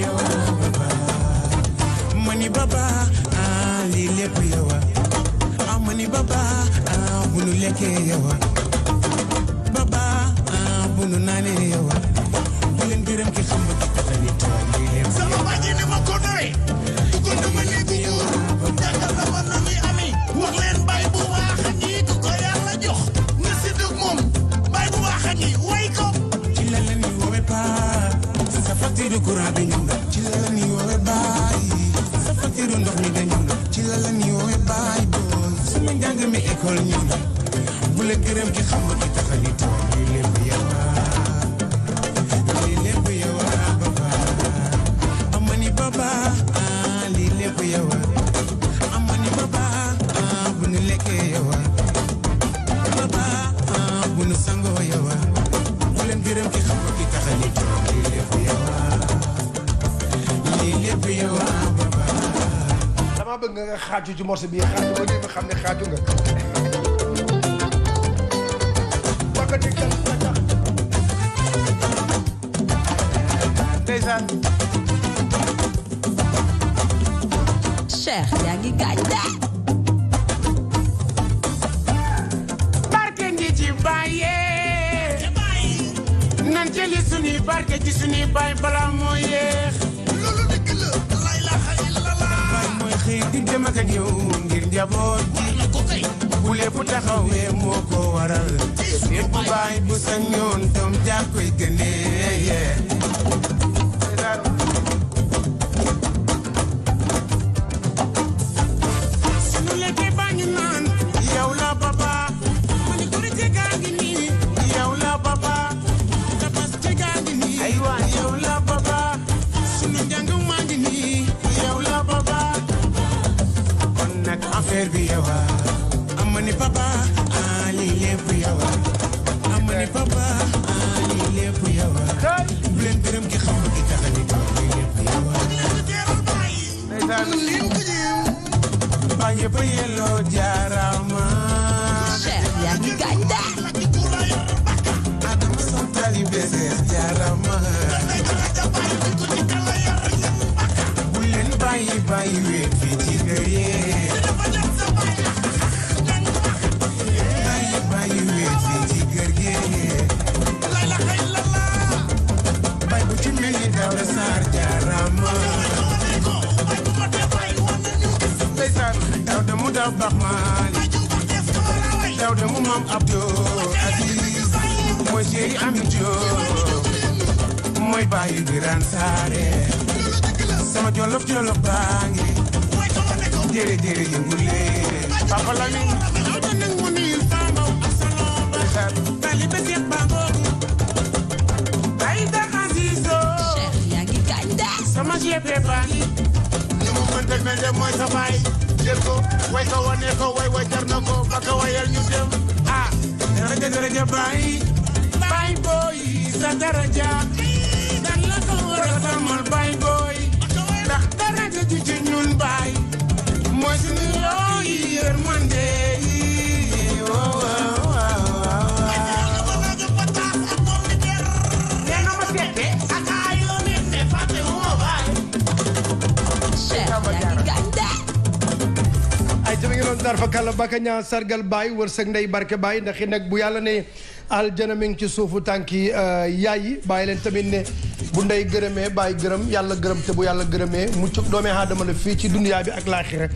yow baba mani baba lii lépp yow ah mani baba ah bu nu lekkee yow baba ah bu nu naanee yow bu leen gërëm ki xam nga ki tax a toog lii lépp sama baay ji ma ko doy du ko dama nii bu buur jàngal na ma ami wax baay bu baax a ngi ko yàlla jox nga sidd moom baay bu baax a ngi ci la la ni woowee paa sa facture courant bi ñu mu ndox mi dañu ci la la ni woowe baay boos suñu njàng mi école ñu bu la gërëm ki xam nga ki tax a nga nga xaaju ci morceau bi xaaju ko ñëpp xam ne xaaju nga. ndeysaan. Cheikh yaa ngi gaañ de. barke ngi ci bàyyee. nan jëli suñuy barke ci suñuy bàyyi balaa mooy ak a ñëw ngir njaboot bu lépp taxawee moo ko waral baay bu sañoon doom jaa koy ñebe baax ni mu mën a mel mooy sa baay jël ko way ko wane ko way way jar na ko ba ko wayal ñu dem ah booy sa daraja dan la ko war a baay booy ndax daraja ju ci ñun baay noonu dar fa kàlla baka ñaa sargal baay wërsëg ndey barke baay ndax i nag bu yàlla ne aljana mi ngi ci suufu tànki euh, yaay yi bàyyi leen tamit ne bu ndey gërëmee bàyyi gërëm yàlla gërëm te bu yàlla gërëmee mucc doomee dama la fii ci dunyaa bi ak laaxira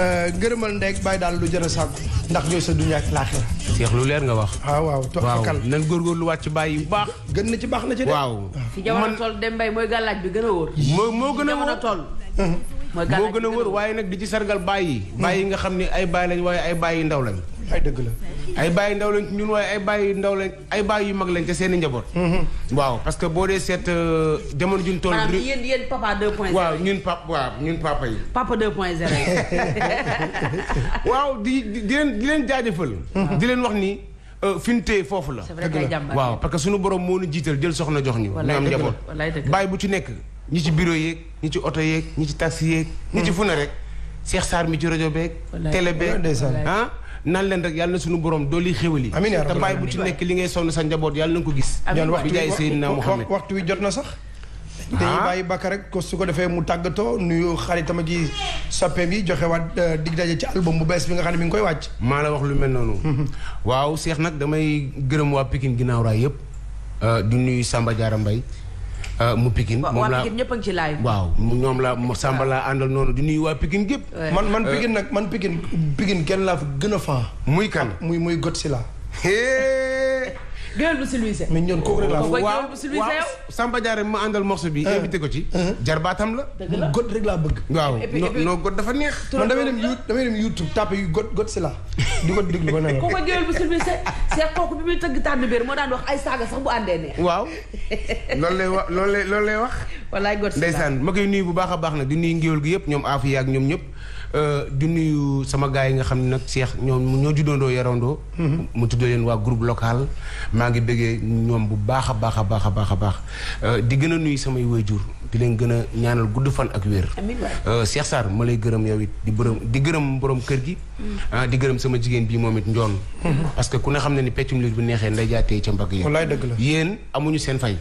euh, gërëmal ndeeg bàyyi daal lu jën a sàkku ndax ñooy sa dunyaa ak laaxira seex lu leer nga wax waaw ah, waaw toog fa kal nan góorgóorlu wàcc bàyyi bu baax gën na ci baax na ci de dem mbay mooy gàllaaj bi gën a wóor moo gën a moo gën a wër waaye nag di ci sargal baay yi baay yi nga xam ne ay baay lañ waaye ay baay yu ndaw lañ ay dëgg la ay baay ndaw lañ ñun waaye ay baay yu ndaw lañ ay baay yu mag lañ te seen njaboot mhm. waaw parce que boo dee seet euh, jamono juñ toll yéen yéen papa 2.0 waaw ñun pap waaw ñun papa yi papa waaw di di leen di leen jaajëfal mhm. di leen wax ni euh, fintee foofu la waaw parce que suñu borom moo nu jiital jël soxna jox ñu ñu am njaboot baay bu ci nekk ñi ci bureau yeeg ñi ci oto yeeg ñi ci taxi yeeg. ñi ci hmm. funa rek. Cheikh saar mi ci rajo beeg. télé beeg ah. naan leen rek yàlla na suñu borom dooli xéwal yi. amiin te bàyyi bu ci nekk li ngay sonn sa njaboot yàlla na ko gis. amiin waxtu jaay Seydina Mouhamed waxtu wi jot na sax. dañuy ah. bàyyi Bakar rek ko su ko defee mu tàggatoo nuyu xaritama ji soppeem yi joxe waat euh, dig daje ci album bu bees bi nga xam ne bi ngi koy wàcc. maa la wax lu mel noonu. Mhm. waaw Cheikh nag damay gërëm waa Pikine ginnaaw raay yëpp. Euh, di nuyu Samba Diarra mbay Euh, mu Pikine moom ñëpp a ngi waaw ñoom la Samba laa àndal noonu di nuyu waa Pikine gépp man man euh. Pikine nag man Pikine Pikine kenn laa fa gën a fan muy kan muy muy Godzilla géwél bu silvissé. mais ñoon kooku rek laa bëgg waaw Samba Diarra ma àndal morceau bi. Euh, invité ko ci. Euh. jarbaatam la. god rek bëgg. waaw god dafa neex. man dem YouTube dem YouTube tapé god god si la di ko déglu ba nawet. kooku ak géwél bu silvissé c'est kooku bi muy tëgg tànn biir moo daan wax ay saaga sax bu àndee neex. waaw loolu lay wax lay wax. god ma koy nuyu bu baax di nuyu gi yëpp ak ñëpp. Euh, di nuyu sama nga Cheikh ñoo mm-hmm. mu leen groupe local maa ngi bëggee ñoom bu baax a baax a baax a baax a baax euh, di gën a nuyu samay waajur di leen gën a ñaanal gudd fan ak wér. Euh, Cheikh Sarr ma lay gërëm yow it di borom di gërëm boroom kër gi. Mm. Ah, di gërëm sama jigéen bii moom it njoon. Mm-hmm. parce que ku ne xam ne ni peccum liir bu neexee nday jaatee ca mbagg yi. wallaay dëgg la yéen amuñu seen fay.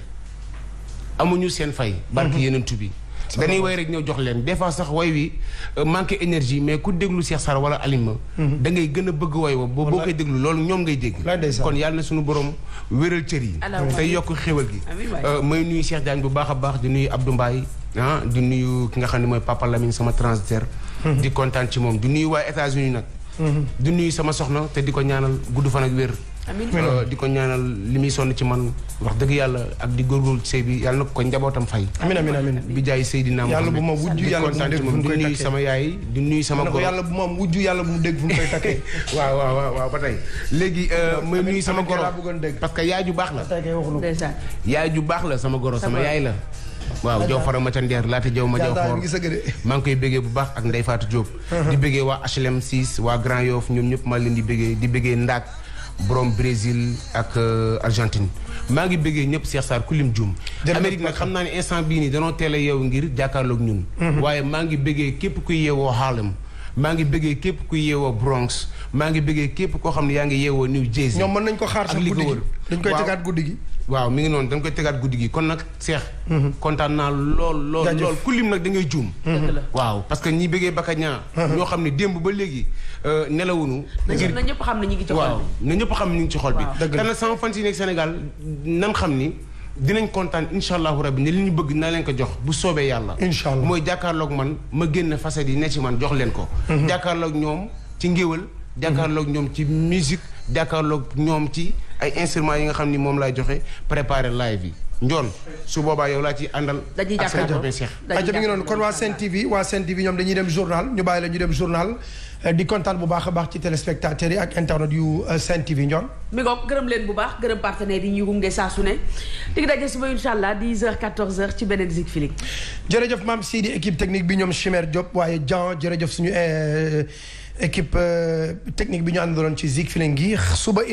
amuñu seen fay. barke mm-hmm. yeneen bi dañuy way rek ñëw jox leen des fois sax way wi euh, manqué énergie mais ku déglu Cheikh sar wala Alima mhm. da ngay gën a bëgg way wa boo boo koy déglu loolu ñoom ngay dégg kon yàlla na suñu borom wéral cër yi te yokk xéwal gi euh, may nuyu Cheikh Diagne bu baax a baax di nuyu Abdou mbaay ah di nuyu ki nga xam ne mooy Papa Lamine sama transitaire mhm. di kontaan ci moom di nuy waa États-Unis nag mhm. di nuyu sama soxna te di ko ñaanal gudd fan ak wér amiin euh, di ko ñaanal li muy sonn ci man wax dëgg yàlla ak di góorgóorlu sëy bi yàlla na ko njabootam fay. amiin amiin amiin bi jaay Seydina Muhammad yàlla bu ma wujj yàlla bu mu dégg fu mu koy takkee di nuyu sama yaay di nuyu sama góor yàlla bu ma wujj yàlla bu mu dégg fu mu koy takkee. waaw waaw waaw ba tey léegi euh, may nuyu sama goro parce que yaay ju baax la. yaay ju baax la sama goro sama yaay la. waaw jow fara ma ca ndeer laata jow ma jow xoor maa ngi koy béggee bu baax ak Ndeye Fatou Diop di béggee waa HLM 6 waa Grand Yoff ñoom ñëpp maa leen di béggee di béggee ndaak borom Brésil ak euh, Argentine maa ngi bëggee ñëpp Cheikh Sarr ku lim juum Amérique nag xam naa ne instant bii nii danoo teel a yeewu ngir jàkkaarlook ñun mhm. waaye maa ngi bëggee képp kuy yeewoo Harlem maa ngi bëggee képp ku yeewoo Bronx maa ngi bëggee képp koo xam ne yaa ngi yeewoo New Jersey ñoom mën nañ ko xaar sax guddi gi dañ koy tegaat guddi gi waaw mi ngi noonu dañ koy tegaat guddi gi kon nag Cheikh. Mhm. kontaan naa lool lool lool ku lim nag da ngay juum. Mhm. waaw parce que ñi bëggee bakka ñaa mhm. ñoo xam ne démb ba léegi euh, nelawuñu. ngir na ñëpp xam ne ñu ngi ci xol bi xam ñu ngi ci xol dëgg la te nag sama fan si nekk Sénégal nan xam ni. dinañ kontaan incha allahu bi ni li ñu bëgg naa leen ko jox bu soobee yàlla. incha allah mooy jàkkaarloog man ma génn faset yi ne ci man jox leen ko. jàkkaarloog ñoom ci ngéwal jàkkaarloog ñoom ci musique jàkkaarlook ñoom ci. ay instruments yi nga xam ni moom laay joxe préparer live yi. Njoon su boobaa yow laa ci àndal. dañuy jàkkaarloo dañuy jàkkaarloo mi ngi noonu kon waa Sen TV waa Sen TV ñoom dañuy dem journal ñu bàyyi la ñu dem journal eh, di kontaan bu baax a baax ci téléspectateurs yi ak internet yu eh, Sen TV Njoon. mi ngoog gërëm leen bu baax gërëm partenaires yi ñuy gunge saa su ne dig daje suba incha allah 10h 14h ci beneen Zik Feeling. jërëjëf maam si di équipe technique bi ñoom Chimère Diop waaye Jean jërëjëf suñu eh, équipe technique bi ñu àndaloon ci Zik Feeling gi suba.